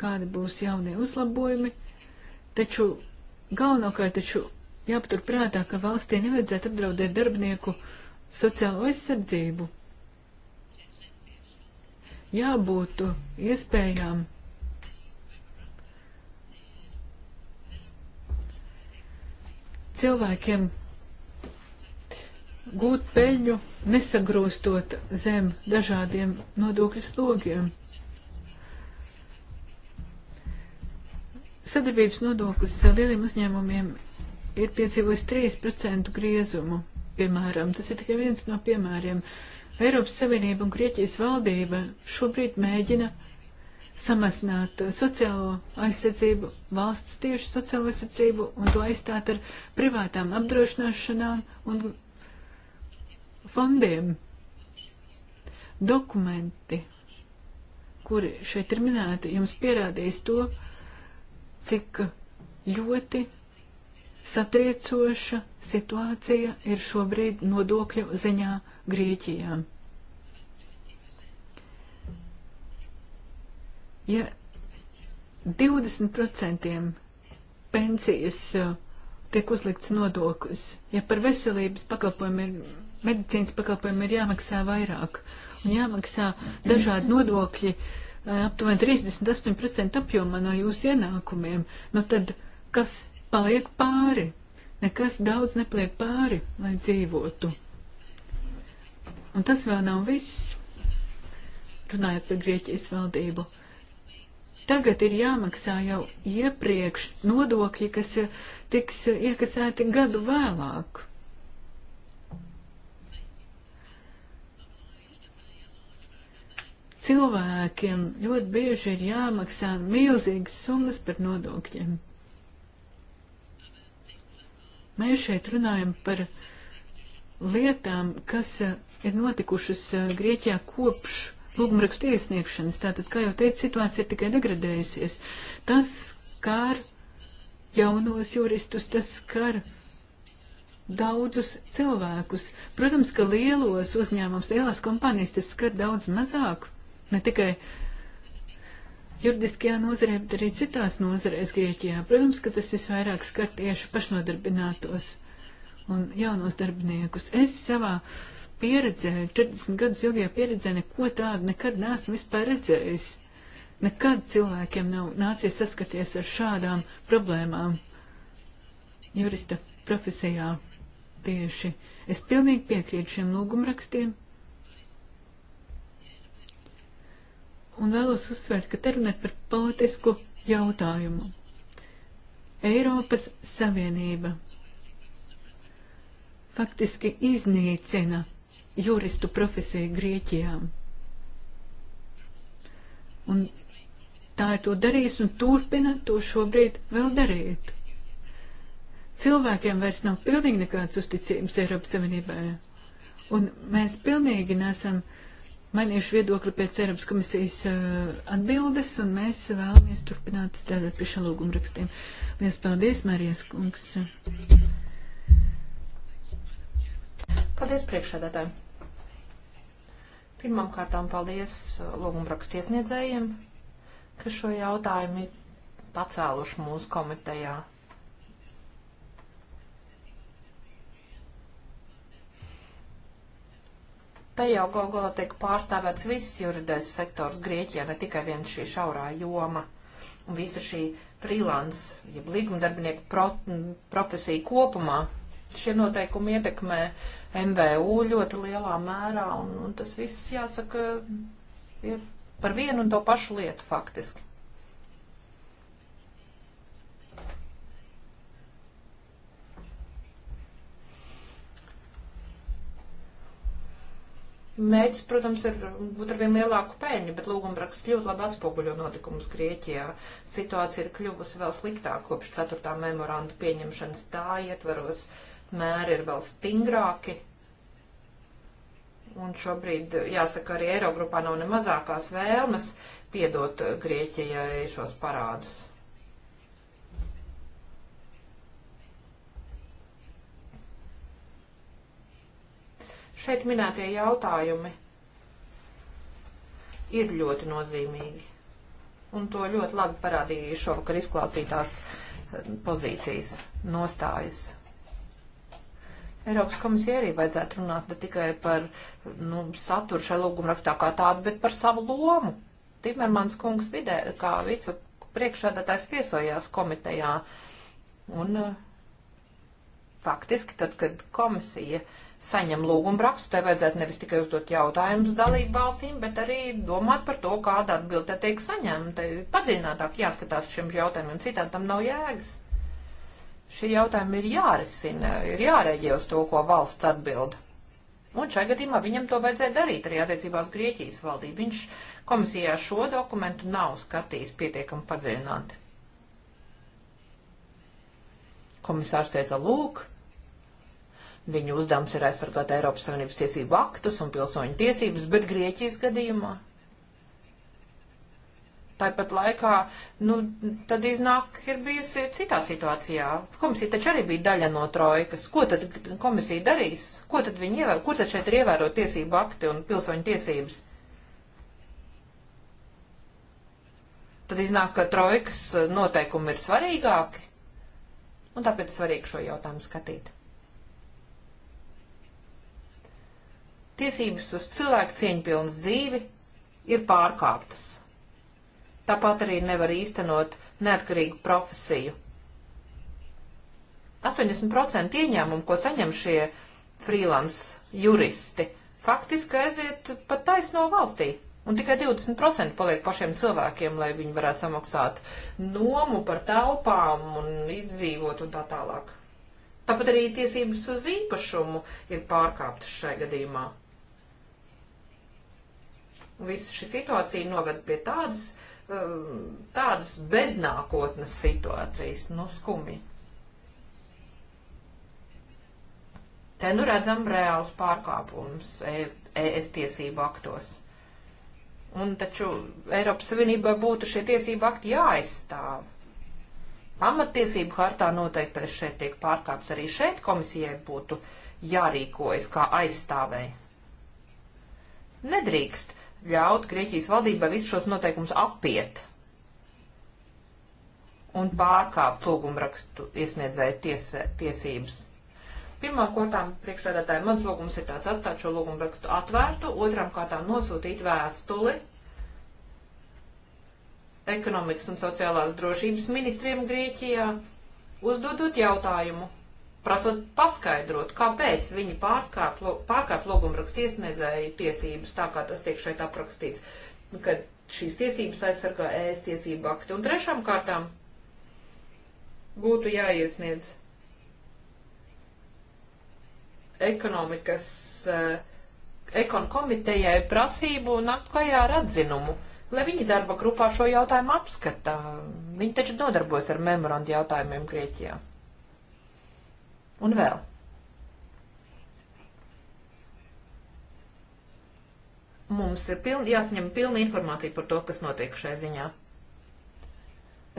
kādi būs jaunie uzlabojumi, taču galvenokārt taču jāpatur prātā, ka valstī nevajadzētu apdraudēt darbinieku sociālo aizsardzību. Jābūt iespējām cilvēkiem gūt peļņu, nesagrūstot zem dažādiem nodokļu slogiem. Sadarbības nodoklis lieliem uzņēmumiem ir piedzīvojis 3% griezumu, piemēram. Tas ir tikai viens no piemēriem. Eiropas Savienība un Grieķijas valdība šobrīd mēģina samazināt sociālo aizsardzību, valsts tieši sociālo aizsardzību un to aizstāt ar privātām apdrošināšanām un fondiem. Dokumenti, kuri šeit ir minēti, jums pierādīs to, cik ļoti satriecoša situācija ir šobrīd nodokļu ziņā Grieķijā. Ja 20% pensijas uh, tiek uzlikts nodoklis, ja par veselības pakalpojumiem, medicīnas pakalpojumiem ir jāmaksā vairāk un jāmaksā dažādi nodokļi, uh, aptuveni 38% apjomā no jūsu ienākumiem, nu tad kas paliek pāri? Nekas daudz nepaliek pāri, lai dzīvotu. Un tas vēl nav viss, runājot par Grieķijas valdību. Tagad ir jāmaksā jau iepriekš nodokļi, kas tiks iekasēti gadu vēlāk. cilvēkiem ļoti bieži ir jāmaksā milzīgas summas par nodokļiem. Mēs šeit runājam par lietām, kas eh, ir notikušas eh, Grieķijā kopš lūgumrakstu iesniegšanas. Tātad, kā jau teicu, situācija ir tikai degradējusies. Tas skar jaunos juristus, tas skar daudzus cilvēkus. Protams, ka lielos uzņēmums, lielās kompānijas tas skar daudz mazāk ne tikai juridiskajā nozarē, bet arī citās nozarēs Grieķijā. Protams, ka tas visvairāk skar tieši pašnodarbinātos un jaunos darbiniekus. Es savā pieredzē, 40 gadus ilgajā pieredzē, neko tādu nekad neesmu vispār redzējis. Nekad cilvēkiem nav nācies saskaties ar šādām problēmām jurista profesijā tieši. Es pilnīgi piekrītu šiem lūgumrakstiem. un vēlos uzsvērt, ka te runāt par politisku jautājumu. Eiropas Savienība faktiski iznīcina juristu profesiju Grieķijā. Un tā ir to darījusi un turpina to šobrīd vēl darīt. Cilvēkiem vairs nav pilnīgi nekādas uzticības Eiropas Savienībai. Un mēs pilnīgi nesam uh, mainījuši viedokli pēc Eiropas komisijas uh, atbildes, un mēs vēlamies turpināt strādāt pie šā lūguma rakstiem. Liels paldies, Mērijas kungs. Paldies, priekšsēdētāji. Pirmām kārtām paldies eh, lūguma rakstiesniedzējiem, kas šo jautājumu ir pacēluši mūsu komitejā. Te jau galu galā tiek pārstāvēts viss juridēs sektors Grieķijā, ne tikai vien šī šaurā joma. Un visa šī freelance, jeb līgumdarbinieku pro, profesija kopumā, šie noteikumi ietekmē MVU ļoti lielā mērā, un, un tas viss, jāsaka, ir par vienu un to pašu lietu faktiski. Mēģis, protams, ir būt ar vien lielāku pēļņu, bet lūgumraksts ļoti labi atspoguļo notikumus Grieķijā. Situācija ir kļuvusi vēl sliktāk kopš 4. memorandu pieņemšanas tā ietvaros. Mēri ir vēl stingrāki. Un šobrīd, jāsaka, arī Eirogrupā nav ne mazākās vēlmes piedot Grieķijai šos parādus. Šeit minētie jautājumi ir ļoti nozīmīgi. Un to ļoti labi parādīja šovakar izklāstītās eh, pozīcijas, nostājas. Eiropas komisija arī vajadzētu runāt ne tikai par nu, saturu šai lūgumrakstā kā tādu, bet par savu lomu. Timermans kungs vidē, kā vicu priekšādātājs viesojās komitejā. Un uh, faktiski tad, kad komisija saņem lūgumu rakstu, tai vajadzētu nevis tikai uzdot jautājumus dalību valstīm, bet arī domāt par to, kāda atbilde tiek saņemta. Padziļinātāk jāskatās šiem jautājumiem, citādi tam nav jēgas. Šie jautājumi ir jārisina, ir jārēģē uz to, ko valsts atbild. Un šajā gadījumā viņam to vajadzēja darīt arī attiecībās Grieķijas valdību. Viņš komisijā šo dokumentu nav skatījis pietiekami padziļināti. Komisārs teica, lūk, Viņu uzdevums ir aizsargāt Eiropas Savienības tiesību aktus un pilsoņu tiesības, bet Grieķijas gadījumā. Tāpat laikā, nu, tad iznāk, ir bijusi citā situācijā. Komisija taču arī bija daļa no trojkas. Ko tad komisija darīs? Ko tad viņi ievēro? Kur tad šeit ir ievērot tiesību akti un pilsoņu tiesības? Tad iznāk, ka trojkas noteikumi ir svarīgāki, un tāpēc svarīgi šo jautājumu skatīt. tiesības uz cilvēku cieņpilnas dzīvi ir pārkāptas. Tāpat arī nevar īstenot neatkarīgu profesiju. 80% ieņēmumu, ko saņem šie freelance juristi, faktiski aiziet pat taisno valstī. Un tikai 20% paliek pašiem cilvēkiem, lai viņi varētu samaksāt nomu par telpām un izdzīvot un tā tālāk. Tāpat arī tiesības uz īpašumu ir pārkāptas šai gadījumā. Visa šī situācija noved pie tādas, um, tādas beznākotnes situācijas, nu skumji. Te nu redzam reālus pārkāpumus ES e tiesību aktos. Un taču Eiropas Savienībā būtu šie tiesību akti jāaizstāv. Pamattiesību hartā noteiktais šeit tiek pārkāps arī šeit komisijai būtu jārīkojas kā aizstāvēji. Nedrīkst ļaut Grieķijas valdībai visus šos noteikumus apiet un pārkāpt lūgumrakstu iesniedzēju ties, tiesības. Pirmām kārtām priekšsēdētāji mans lūgums ir tāds atstāt šo lūgumrakstu atvērtu, otram kārtām nosūtīt vēstuli ekonomikas un sociālās drošības ministriem Grieķijā, uzdodot jautājumu prasot paskaidrot, kāpēc viņi pārkāp logumrakstu iesniedzēju tiesības, tā kā tas tiek šeit aprakstīts, ka šīs tiesības aizsargā ēst tiesību akti. Un trešām kārtām būtu jāiesniedz ekonomikas, eh, ekon komitejai prasību un atklājā ar atzinumu, lai viņi darba grupā šo jautājumu apskatā. Viņi taču nodarbojas ar memorandu jautājumiem Grieķijā. Un vēl. Mums ir piln, jāsaņem pilna informācija par to, kas notiek šai ziņā.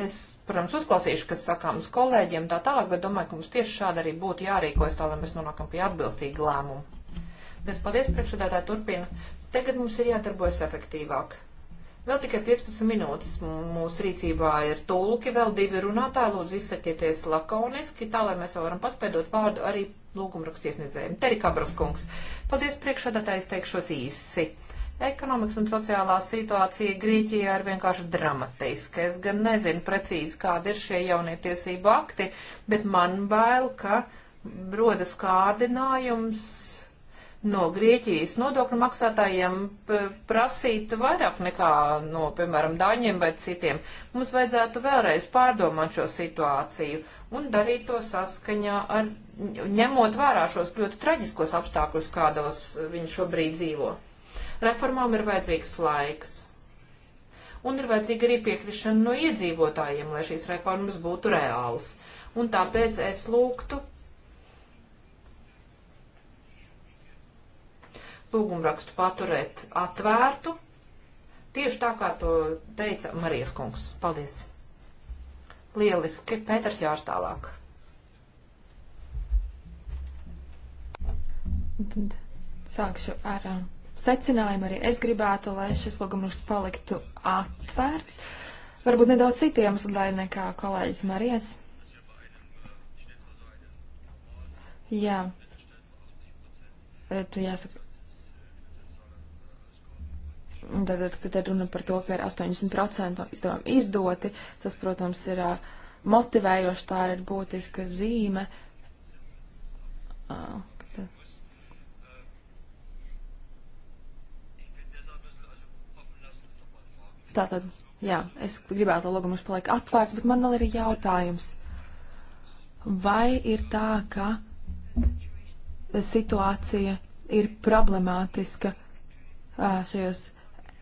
Es, protams, uzklausīšu, kas sakām uz kolēģiem tā tālāk, bet domāju, ka mums tieši šādi arī būtu jārīkojas tā, lai mēs nonākam pie atbilstīga lēmuma. Mēs paldies priekšredētāji turpina. Tagad mums ir jādarbojas efektīvāk. Vēl tikai 15 minūtes mūsu rīcībā ir tulki, vēl divi runātāji, lūdzu izsakieties lakoniski, tā lai mēs varam paspēdot vārdu arī lūgumrakstiesniedzējiem. Terika Braskungs, paldies priekšādātājs, teikšos īsi. Ekonomikas un sociālā situācija Grieķijā ir vienkārši dramatiska. Es gan nezinu precīzi, kādi ir šie jaunie tiesību akti, bet man bail, ka rodas kārdinājums no Grieķijas nodokļu maksātājiem prasīt vairāk nekā no, piemēram, Dāņiem vai citiem. Mums vajadzētu vēlreiz pārdomāt šo situāciju un darīt to saskaņā ar, ņemot vērā šos ļoti traģiskos apstākļus, kādos viņi šobrīd dzīvo. Reformām ir vajadzīgs laiks un ir vajadzīga arī piekrišana no iedzīvotājiem, lai šīs reformas būtu reālas. Un tāpēc es lūgtu lūgumrakstu paturēt atvērtu, tieši tā kā to teica Marijas kungs. Paldies! Lieliski, Pēters Jārs tālāk. Tad sākšu ar um, secinājumu. Arī es gribētu, lai šis lūgumraksts paliktu atvērts. Varbūt nedaudz citiem sludai nekā kolēģis Marijas. Jā. Tu jāsaka, Tātad, kad ir runa par to, ka ir 80% izdevumi izdoti, tas, protams, ir uh, motivējoši, tā ir būtiska zīme. Uh, Tātad, jā, es gribētu, lai lūgums paliek atvērts, bet man vēl ir jautājums. Vai ir tā, ka situācija ir problemātiska šajos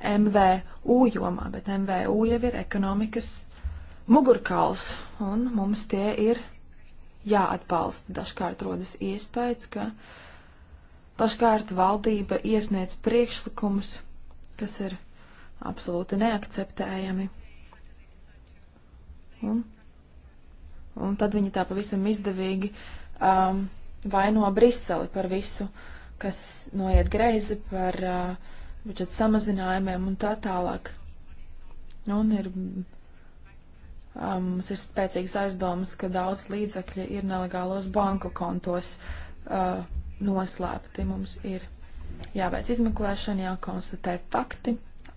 MVU jomā, bet MVU jau ir ekonomikas mugurkauls, un mums tie ir jāatbalsta. Dažkārt rodas iespējas, ka dažkārt valdība iesniedz priekšlikumus, kas ir absolūti neakceptējami. Un, un tad viņi tā pavisam izdevīgi um, vaino Briseli par visu, kas noiet greizi par uh, budžeta samazinājumiem un tā tālāk. Un ir, um, mums ir spēcīgs aizdomas, ka daudz līdzekļi ir nelegālos banku kontos uh, noslēpti. Mums ir jāveic izmeklēšana, jākonstatē fakti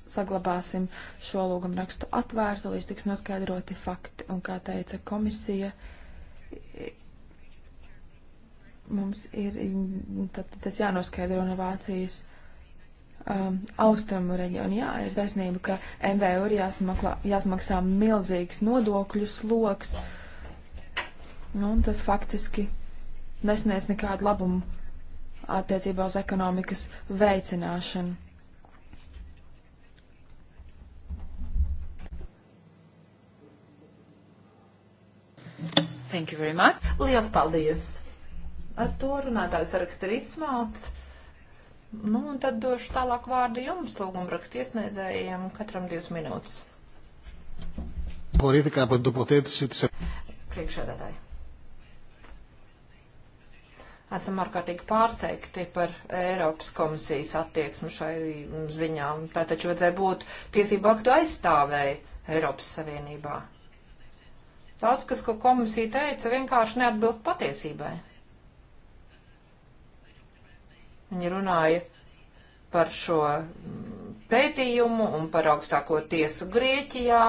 saglabāsim šo lūgumu rakstu atvērtu, līdz tiks noskaidroti fakti. Un kā teica komisija, mums ir tad, tas jānoskaidro no Vācijas um, austrumu reģionu. Jā, ir taisnība, ka MVU ir jāsmaklā, jāsmaksā milzīgs nodokļu sloks, nu, un tas faktiski nesniedz nekādu labumu attiecībā uz ekonomikas veicināšanu. Thank you very much. Lielas paldies! Ar to runātājs saraksts ir izsmalts. Nu, un tad došu tālāk vārdu jums, lūgumrakstu iesniedzējiem, katram divas minūtes. Politika par dupotētas ir. Priekšādātāji. Esam ārkārtīgi pārsteigti par Eiropas komisijas attieksmi šai ziņā. Tā taču vajadzēja būt tiesību aktu aizstāvēji Eiropas Savienībā. Daudz, kas, ko komisija teica, vienkārši neatbilst patiesībai. Viņa runāja par šo pētījumu un par augstāko tiesu Grieķijā,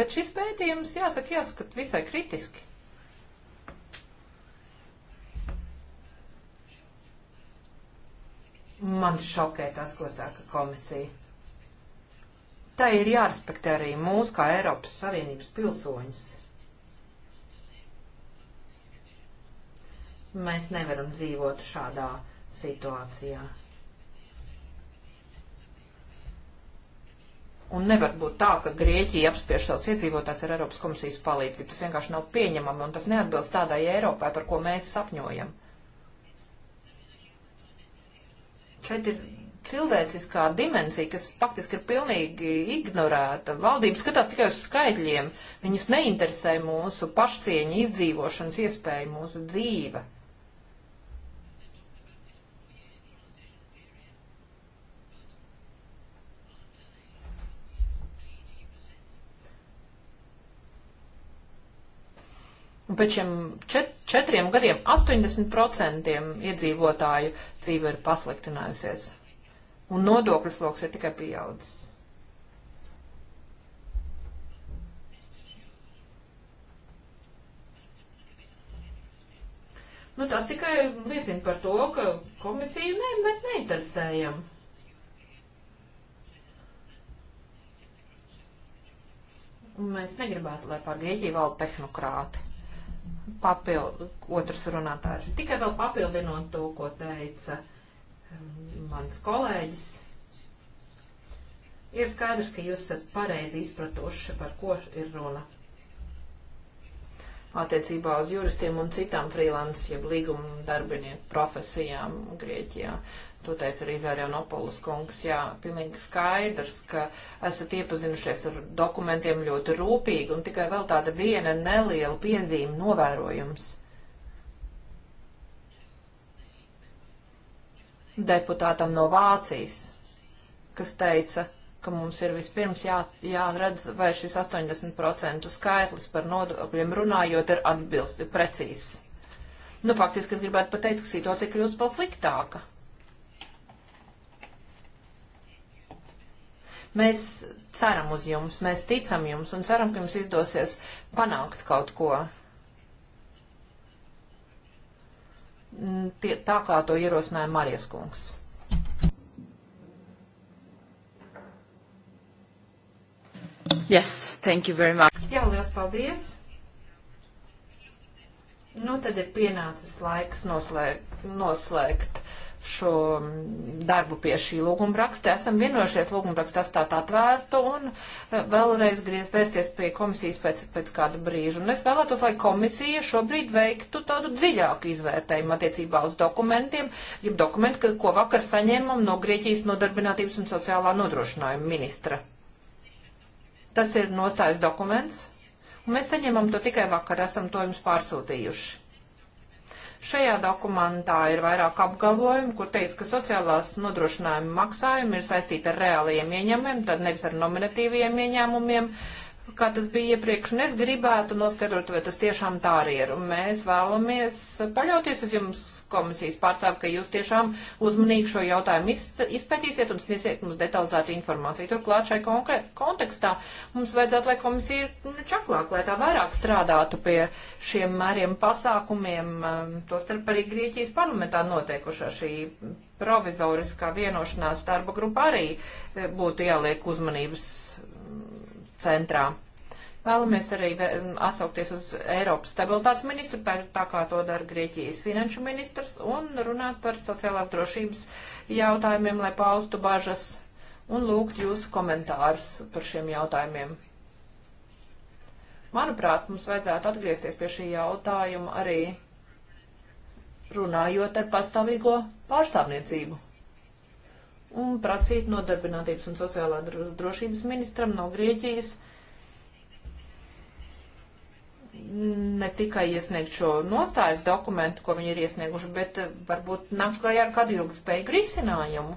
bet šis pētījums, jāsaka, jāskat visai kritiski. Man šokē tas, ko saka komisija. Tā ir jārespektē arī mūsu kā Eiropas Savienības pilsoņus. Mēs nevaram dzīvot šādā situācijā. Un nevar būt tā, ka Grieķija apspiež savus iedzīvotājus ar Eiropas komisijas palīdzību. Tas vienkārši nav pieņemami un tas neatbilst tādai Eiropai, par ko mēs sapņojam. Šeit ir cilvēciskā dimensija, kas faktiski ir pilnīgi ignorēta. Valdība skatās tikai uz skaitļiem. Viņus neinteresē mūsu pašcieņa izdzīvošanas iespēja, mūsu dzīve. Un pēc šiem čet, četriem gadiem 80% iedzīvotāju dzīve ir pasliktinājusies. Un nodokļu sloks ir tikai pieaudzis. Nu, tas tikai liecina par to, ka komisiju ne, mēs neinteresējam. Un mēs negribētu, lai pār Grieķiju valda tehnokrāti papildu, otrs runātājs. Tikai vēl papildinot to, ko teica um, mans kolēģis. Ir skaidrs, ka jūs esat pareizi izpratuši, par ko ir runa attiecībā uz juristiem un citām freelance, jeb līguma darbinieku profesijām Grieķijā. To teica arī Zārjanopolis kungs. Jā, pilnīgi skaidrs, ka esat iepazinušies ar dokumentiem ļoti rūpīgi un tikai vēl tāda viena neliela piezīme novērojums. Deputātam no Vācijas, kas teica, ka mums ir vispirms jā, jāredz, vai šis 80% skaitlis par nodokļiem runājot ir atbilsti precīzs. Nu, faktiski es gribētu pateikt, ka situācija kļūst vēl sliktāka. Mēs ceram uz jums, mēs ticam jums un ceram, ka jums izdosies panākt kaut ko. Tie, tā kā to ierosināja Marijas kungs. Yes, thank you very much. Jā, liels paldies. Nu, tad ir pienācis laiks noslēgt, noslēgt šo darbu pie šī lūgumraksta. Esam vienojušies lūgumrakstu atstāt atvērtu un e, vēlreiz griez, vērsties pie komisijas pēc, pēc kāda brīža. Un es vēlētos, lai komisija šobrīd veiktu tādu dziļāku izvērtējumu attiecībā uz dokumentiem, jeb dokumentu, ko vakar saņēmam no Grieķijas nodarbinātības un sociālā nodrošinājuma ministra. Tas ir nostājas dokuments, un mēs saņemam to tikai vakar, esam to jums pārsūtījuši. Šajā dokumentā ir vairāk apgalvojumu, kur teica, ka sociālās nodrošinājuma maksājumi ir saistīti ar reālajiem ieņēmumiem, tad nevis ar nominatīviem ieņēmumiem, uh, kā tas bija iepriekš, un es gribētu noskatot, vai tas tiešām tā arī ir. Un mēs vēlamies paļauties uz jums, komisijas pārstāv, ka jūs tiešām uzmanīgi šo jautājumu izpētīsiet un sniesiet mums detalizētu informāciju. Turklāt šai kontekstā mums vajadzētu, lai komisija ir čaklāk, lai tā vairāk strādātu pie šiem mēriem pasākumiem, um, tostarp arī Grieķijas parlamentā noteikušā šī provizoriskā vienošanās darba grupa arī eh, būtu jāliek uzmanības centrā. Vēlamies arī atsaukties uz Eiropas stabilitātes ministru, tā, tā kā to dara Grieķijas finanšu ministrs, un runāt par sociālās drošības jautājumiem, lai paustu bažas un lūgt jūsu komentārus par šiem jautājumiem. Manuprāt, mums vajadzētu atgriezties pie šī jautājuma arī runājot ar pastāvīgo pārstāvniecību un prasīt nodarbinātības un sociālā drošības ministram no Grieķijas ne tikai iesniegt šo nostājas dokumentu, ko viņi ir iesnieguši, bet eh, varbūt nākt klajā ar kādu ilgspējīgu risinājumu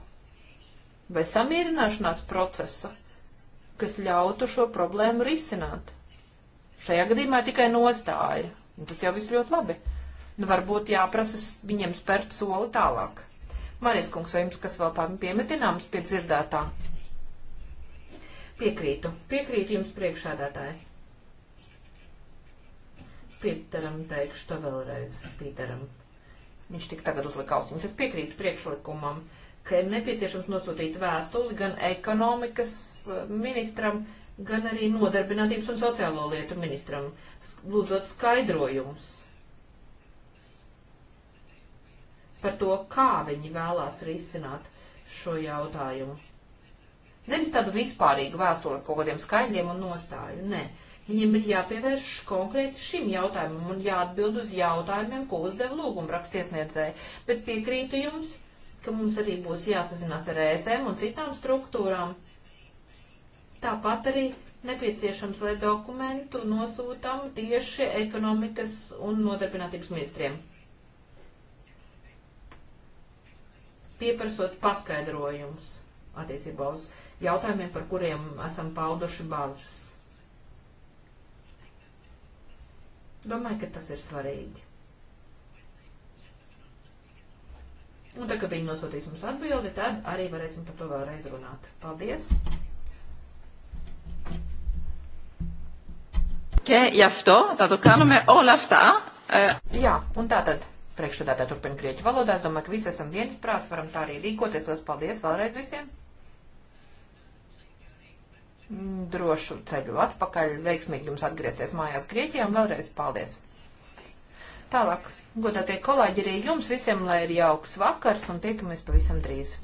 vai samierināšanās procesu, kas ļautu šo problēmu risināt. Šajā gadījumā ir tikai nostāja, un tas jau viss ļoti labi. Nu, varbūt jāprasa viņiem spērt soli tālāk. Manis kungs, vai jums kas vēl piemetināms pie dzirdētā? Piekrītu. Piekrītu jums priekšādātāji. Pīteram teikšu to vēlreiz. Pīteram. Viņš tik tagad uzlika austiņas. Es piekrītu priekšlikumam, ka ir nepieciešams nosūtīt vēstuli gan ekonomikas eh, ministram, gan arī nodarbinātības un sociālo lietu ministram, lūdzot skaidrojumus par to, kā viņi vēlās risināt šo jautājumu. Nevis tādu vispārīgu vēstuli ar kaut kādiem skaidriem un nostāju, nē. Viņiem ir jāpievērš konkrēti šim jautājumam un jāatbild uz jautājumiem, ko uzdeva lūguma rakstiesniedzēja. Bet piekrītu jums, ka mums arī būs jāsazinās ar ESM un citām struktūrām. Tāpat arī nepieciešams, lai dokumentu nosūtām tieši ekonomikas un nodarbinātības ministriem. pieprasot paskaidrojumus attiecībā uz jautājumiem, par kuriem esam pauduši bāžas. Domāju, ka tas ir svarīgi. Un tā, ka viņi nosūtīs mums atbildi, tad arī varēsim par to vēlreiz runāt. Paldies! Και γι' αυτό θα το κάνουμε όλα αυτά. Ε... Jā, un tātad Priekšstādātāja turpina grieķu valodā. Es domāju, ka visi esam viens prāts, varam tā arī rīkoties. Lielas paldies vēlreiz visiem. Mm, drošu ceļu atpakaļ, veiksmīgi jums atgriezties mājās Grieķijā un vēlreiz paldies. Tālāk, godātie kolēģi, arī jums visiem, lai ir jauks vakars un tiekamies pavisam drīz.